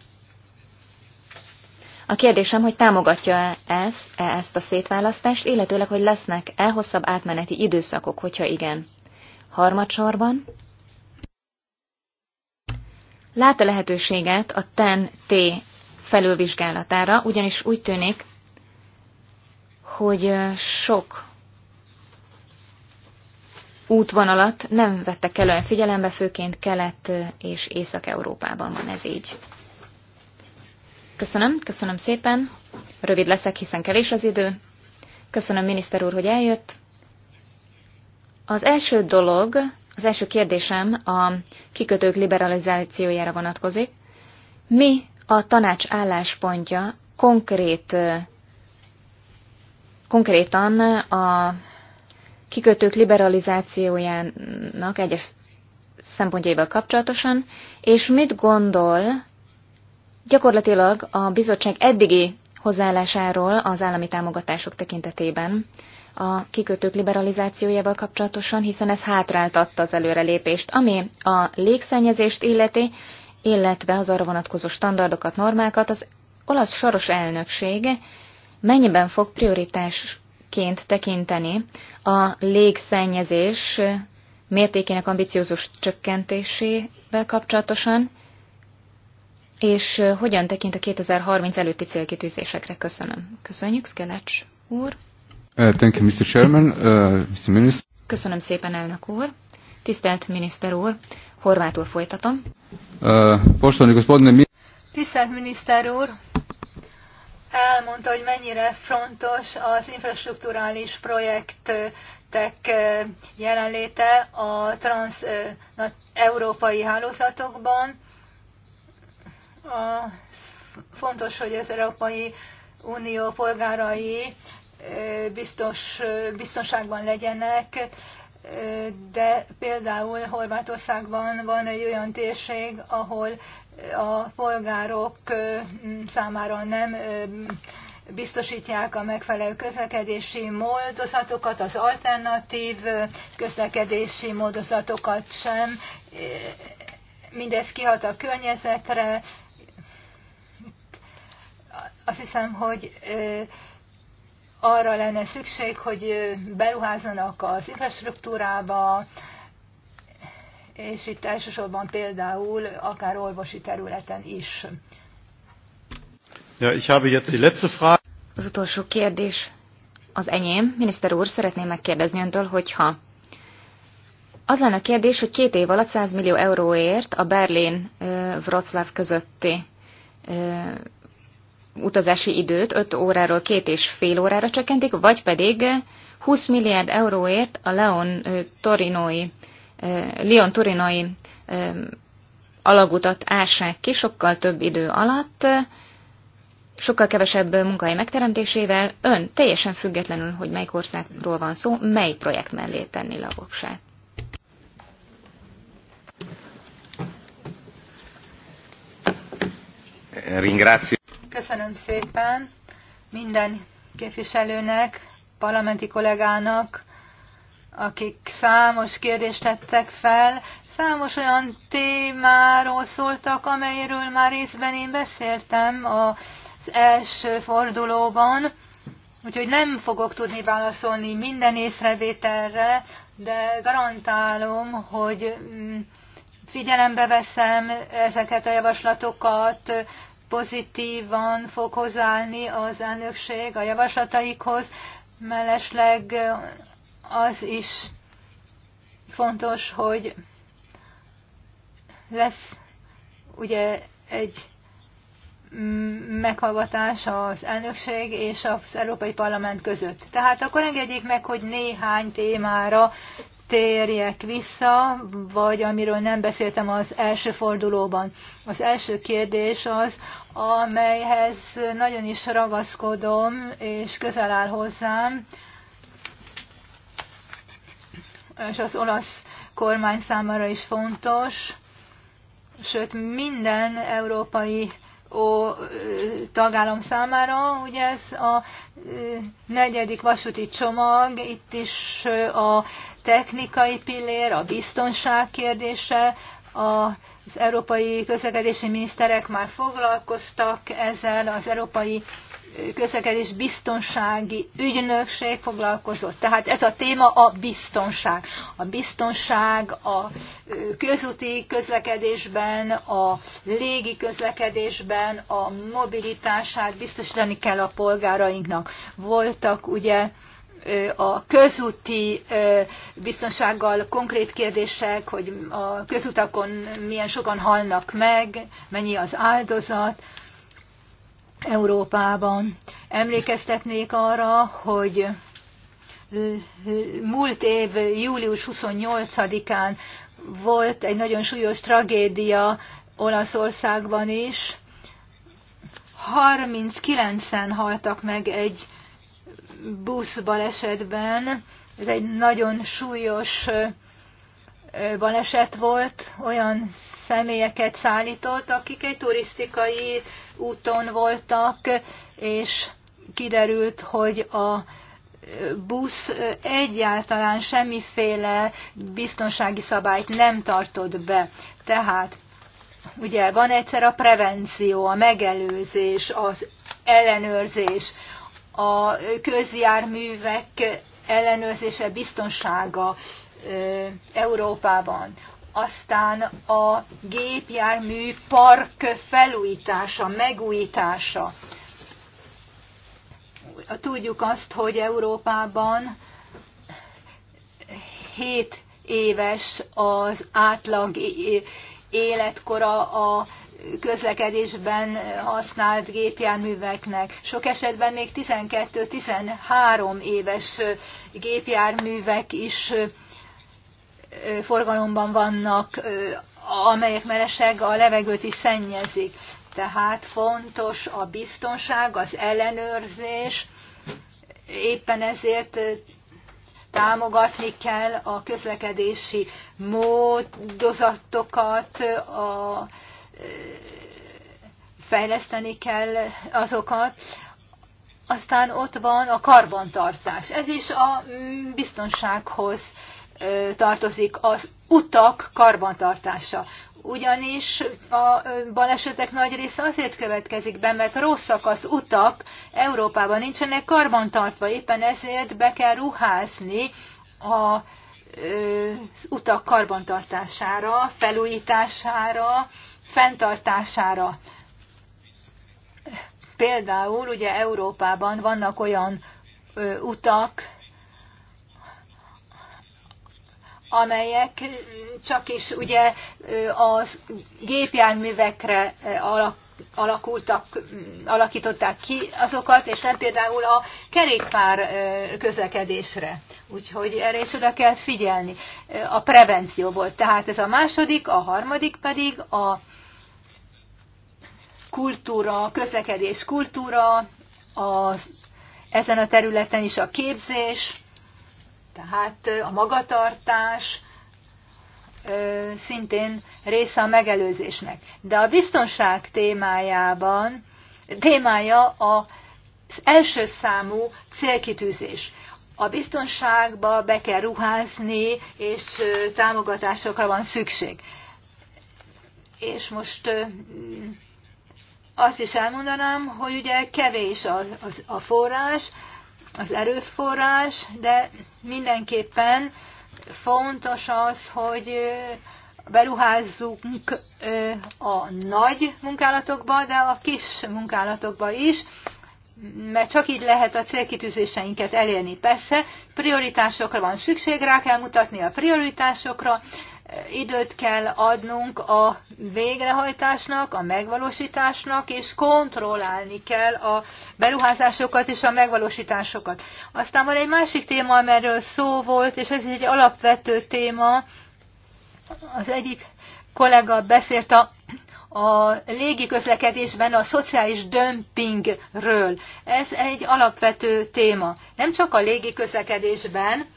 A kérdésem, hogy támogatja-e ez, -e ezt a szétválasztást, illetőleg, hogy lesznek-e hosszabb átmeneti időszakok, hogyha igen. Harmadsorban lát -e lehetőséget a TEN-T felülvizsgálatára, ugyanis úgy tűnik, hogy sok útvonalat nem vettek elően figyelembe, főként Kelet és Észak-Európában van ez így. Köszönöm, köszönöm szépen. Rövid leszek, hiszen kevés az idő. Köszönöm, miniszter úr, hogy eljött. Az első dolog, az első kérdésem a kikötők liberalizációjára vonatkozik. Mi a tanács álláspontja konkrét, konkrétan a kikötők liberalizációjának egyes szempontjaival kapcsolatosan, és mit gondol gyakorlatilag a bizottság eddigi hozzáállásáról az állami támogatások tekintetében a kikötők liberalizációjával kapcsolatosan, hiszen ez hátráltatta az előrelépést, ami a légszennyezést illeti, illetve az arra vonatkozó standardokat, normákat az olasz soros elnöksége mennyiben fog prioritásként tekinteni a légszennyezés mértékének ambiciózus csökkentésével kapcsolatosan, és hogyan tekint a 2030 előtti célkitűzésekre? Köszönöm. Köszönjük, Szkelecs úr. Uh, thank you, Mr. Chairman, uh, Mr. Minister. Köszönöm szépen, elnök úr. Tisztelt miniszter úr, Horvátul folytatom. mi? Tisztelt miniszter úr! Elmondta, hogy mennyire fontos az infrastruktúrális projektek jelenléte a trans-európai hálózatokban. A, fontos, hogy az Európai Unió polgárai biztos, biztonságban legyenek, de például Horvátországban van egy olyan térség, ahol a polgárok számára nem biztosítják a megfelelő közlekedési módozatokat, az alternatív közlekedési módozatokat sem. Mindez kihat a környezetre. Azt hiszem, hogy arra lenne szükség, hogy beruházzanak az infrastruktúrába, és itt elsősorban például akár orvosi területen is. Ja, ich habe jetzt die letzte Frage. Az utolsó kérdés az enyém. Miniszter úr, szeretném megkérdezni öntől, hogyha az lenne a kérdés, hogy két év alatt 100 millió euróért a Berlin-Wroclaw közötti utazási időt 5 óráról 2 és fél órára csökkentik, vagy pedig 20 milliárd euróért a Leon Torinoi, Lyon Torinoi alagutat ássák ki sokkal több idő alatt, sokkal kevesebb munkahely megteremtésével, ön teljesen függetlenül, hogy melyik országról van szó, mely projekt mellé tenni a voksát. Ringrazio. Köszönöm szépen minden képviselőnek, parlamenti kollégának, akik számos kérdést tettek fel. Számos olyan témáról szóltak, amelyről már részben én beszéltem az első fordulóban, úgyhogy nem fogok tudni válaszolni minden észrevételre, de garantálom, hogy mm, figyelembe veszem ezeket a javaslatokat, pozitívan fog hozzáállni az elnökség a javaslataikhoz, mellesleg az is fontos, hogy lesz ugye egy meghallgatás az elnökség és az Európai Parlament között. Tehát akkor engedjék meg, hogy néhány témára térjek vissza, vagy amiről nem beszéltem az első fordulóban. Az első kérdés az, amelyhez nagyon is ragaszkodom, és közel áll hozzám, és az olasz kormány számára is fontos, sőt minden európai ó, tagállam számára, ugye ez a negyedik vasúti csomag, itt is a technikai pillér, a biztonság kérdése, az európai közlekedési miniszterek már foglalkoztak ezzel, az európai közlekedés biztonsági ügynökség foglalkozott. Tehát ez a téma a biztonság. A biztonság a közúti közlekedésben, a légi közlekedésben, a mobilitását biztosítani kell a polgárainknak. Voltak ugye a közúti biztonsággal konkrét kérdések, hogy a közutakon milyen sokan halnak meg, mennyi az áldozat Európában. Emlékeztetnék arra, hogy múlt év július 28-án volt egy nagyon súlyos tragédia Olaszországban is. 39-en haltak meg egy buszbalesetben. Ez egy nagyon súlyos baleset volt, olyan személyeket szállított, akik egy turisztikai úton voltak, és kiderült, hogy a busz egyáltalán semmiféle biztonsági szabályt nem tartott be. Tehát ugye van egyszer a prevenció, a megelőzés, az ellenőrzés, a közjárművek ellenőrzése biztonsága Európában. Aztán a gépjármű park felújítása, megújítása. Tudjuk azt, hogy Európában 7 éves az átlag életkora a közlekedésben használt gépjárműveknek. Sok esetben még 12-13 éves gépjárművek is forgalomban vannak, amelyek meleseg a levegőt is szennyezik. Tehát fontos a biztonság, az ellenőrzés, éppen ezért támogatni kell a közlekedési módozatokat, a fejleszteni kell azokat. Aztán ott van a karbantartás. Ez is a mm, biztonsághoz tartozik az utak karbantartása. Ugyanis a balesetek nagy része azért következik be, mert rosszak az utak, Európában nincsenek karbantartva, éppen ezért be kell ruházni a az utak karbantartására, felújítására, fenntartására. Például ugye Európában vannak olyan ö, utak, amelyek csak is ugye a gépjárművekre alakultak, alakították ki azokat, és nem például a kerékpár közlekedésre. Úgyhogy erre is oda kell figyelni. A prevenció volt. Tehát ez a második, a harmadik pedig a kultúra, közlekedés kultúra, az, ezen a területen is a képzés, tehát a magatartás szintén része a megelőzésnek. De a biztonság témájában témája az első számú célkitűzés. A biztonságba be kell ruházni, és támogatásokra van szükség. És most azt is elmondanám, hogy ugye kevés a, a, a forrás, az erőforrás, de mindenképpen fontos az, hogy beruházzunk a nagy munkálatokba, de a kis munkálatokba is, mert csak így lehet a célkitűzéseinket elérni. Persze prioritásokra van szükség, rá kell mutatni a prioritásokra, időt kell adnunk a végrehajtásnak, a megvalósításnak, és kontrollálni kell a beruházásokat és a megvalósításokat. Aztán van egy másik téma, amiről szó volt, és ez egy alapvető téma. Az egyik kollega beszélt a a légi közlekedésben a szociális dömpingről. Ez egy alapvető téma. Nem csak a légi közlekedésben,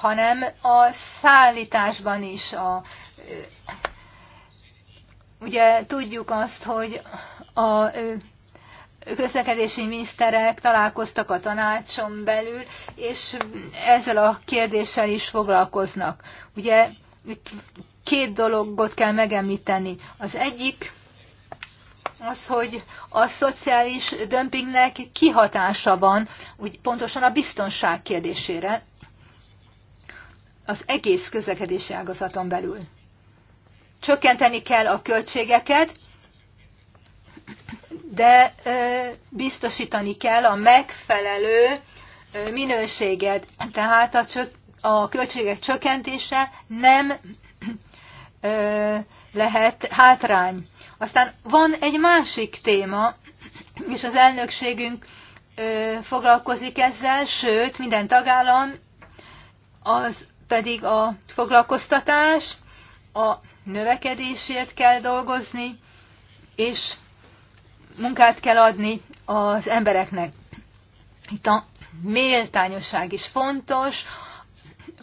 hanem a szállításban is. A, ugye tudjuk azt, hogy a közlekedési miniszterek találkoztak a tanácson belül, és ezzel a kérdéssel is foglalkoznak. Ugye itt két dologot kell megemlíteni. Az egyik az, hogy a szociális dömpingnek kihatása van, úgy pontosan a biztonság kérdésére az egész közlekedési ágazaton belül. Csökkenteni kell a költségeket, de biztosítani kell a megfelelő minőséget. Tehát a, csök, a költségek csökkentése nem lehet hátrány. Aztán van egy másik téma, és az elnökségünk foglalkozik ezzel, sőt, minden tagállam az pedig a foglalkoztatás, a növekedésért kell dolgozni, és munkát kell adni az embereknek. Itt a méltányosság is fontos,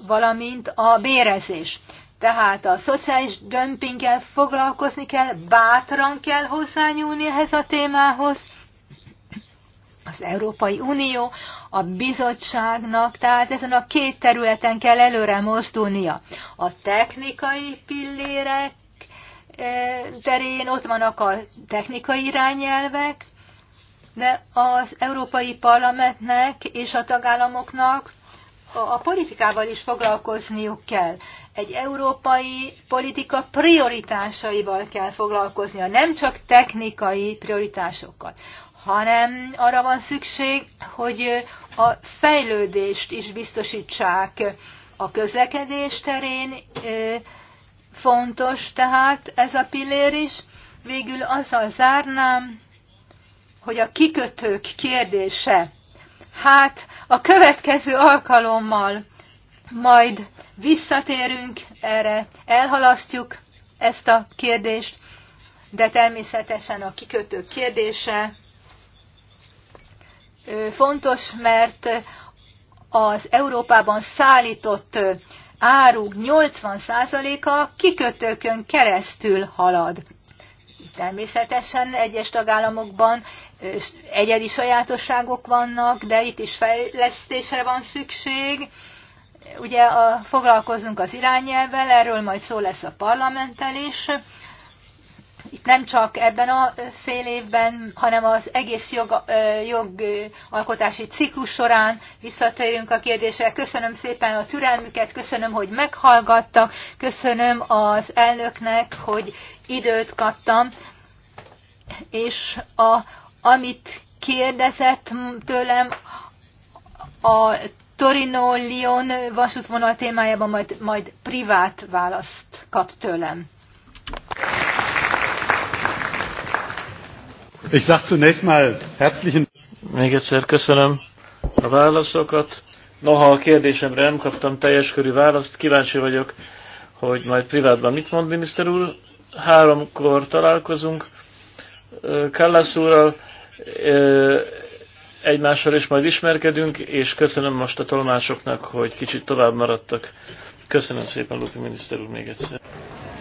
valamint a bérezés. Tehát a szociális dömpinggel foglalkozni kell, bátran kell hozzányúlni ehhez a témához, az Európai Unió, a bizottságnak, tehát ezen a két területen kell előre mozdulnia. A technikai pillérek eh, terén ott vannak a technikai irányelvek, de az Európai Parlamentnek és a tagállamoknak a politikával is foglalkozniuk kell. Egy európai politika prioritásaival kell foglalkoznia, nem csak technikai prioritásokkal hanem arra van szükség, hogy a fejlődést is biztosítsák a közlekedés terén. Fontos tehát ez a pillér is. Végül azzal zárnám, hogy a kikötők kérdése. Hát a következő alkalommal majd visszatérünk erre, elhalasztjuk ezt a kérdést, de természetesen a kikötők kérdése fontos, mert az Európában szállított áruk 80%-a kikötőkön keresztül halad. Természetesen egyes tagállamokban egyedi sajátosságok vannak, de itt is fejlesztésre van szükség. Ugye a, foglalkozunk az irányelvvel, erről majd szó lesz a parlamenttel is itt nem csak ebben a fél évben, hanem az egész jog, jogalkotási ciklus során visszatérünk a kérdésre. Köszönöm szépen a türelmüket, köszönöm, hogy meghallgattak, köszönöm az elnöknek, hogy időt kaptam, és a, amit kérdezett tőlem, a Torino-Lyon vasútvonal témájában majd, majd privát választ kap tőlem. Ich sag zunächst mal herzlichen Még egyszer köszönöm a válaszokat. Noha a kérdésemre nem kaptam teljes körű választ, kíváncsi vagyok, hogy majd privátban mit mond miniszter úr. Háromkor találkozunk Kallász úrral, egymással is majd ismerkedünk, és köszönöm most a tolmácsoknak, hogy kicsit tovább maradtak. Köszönöm szépen, Lupi miniszter úr, még egyszer.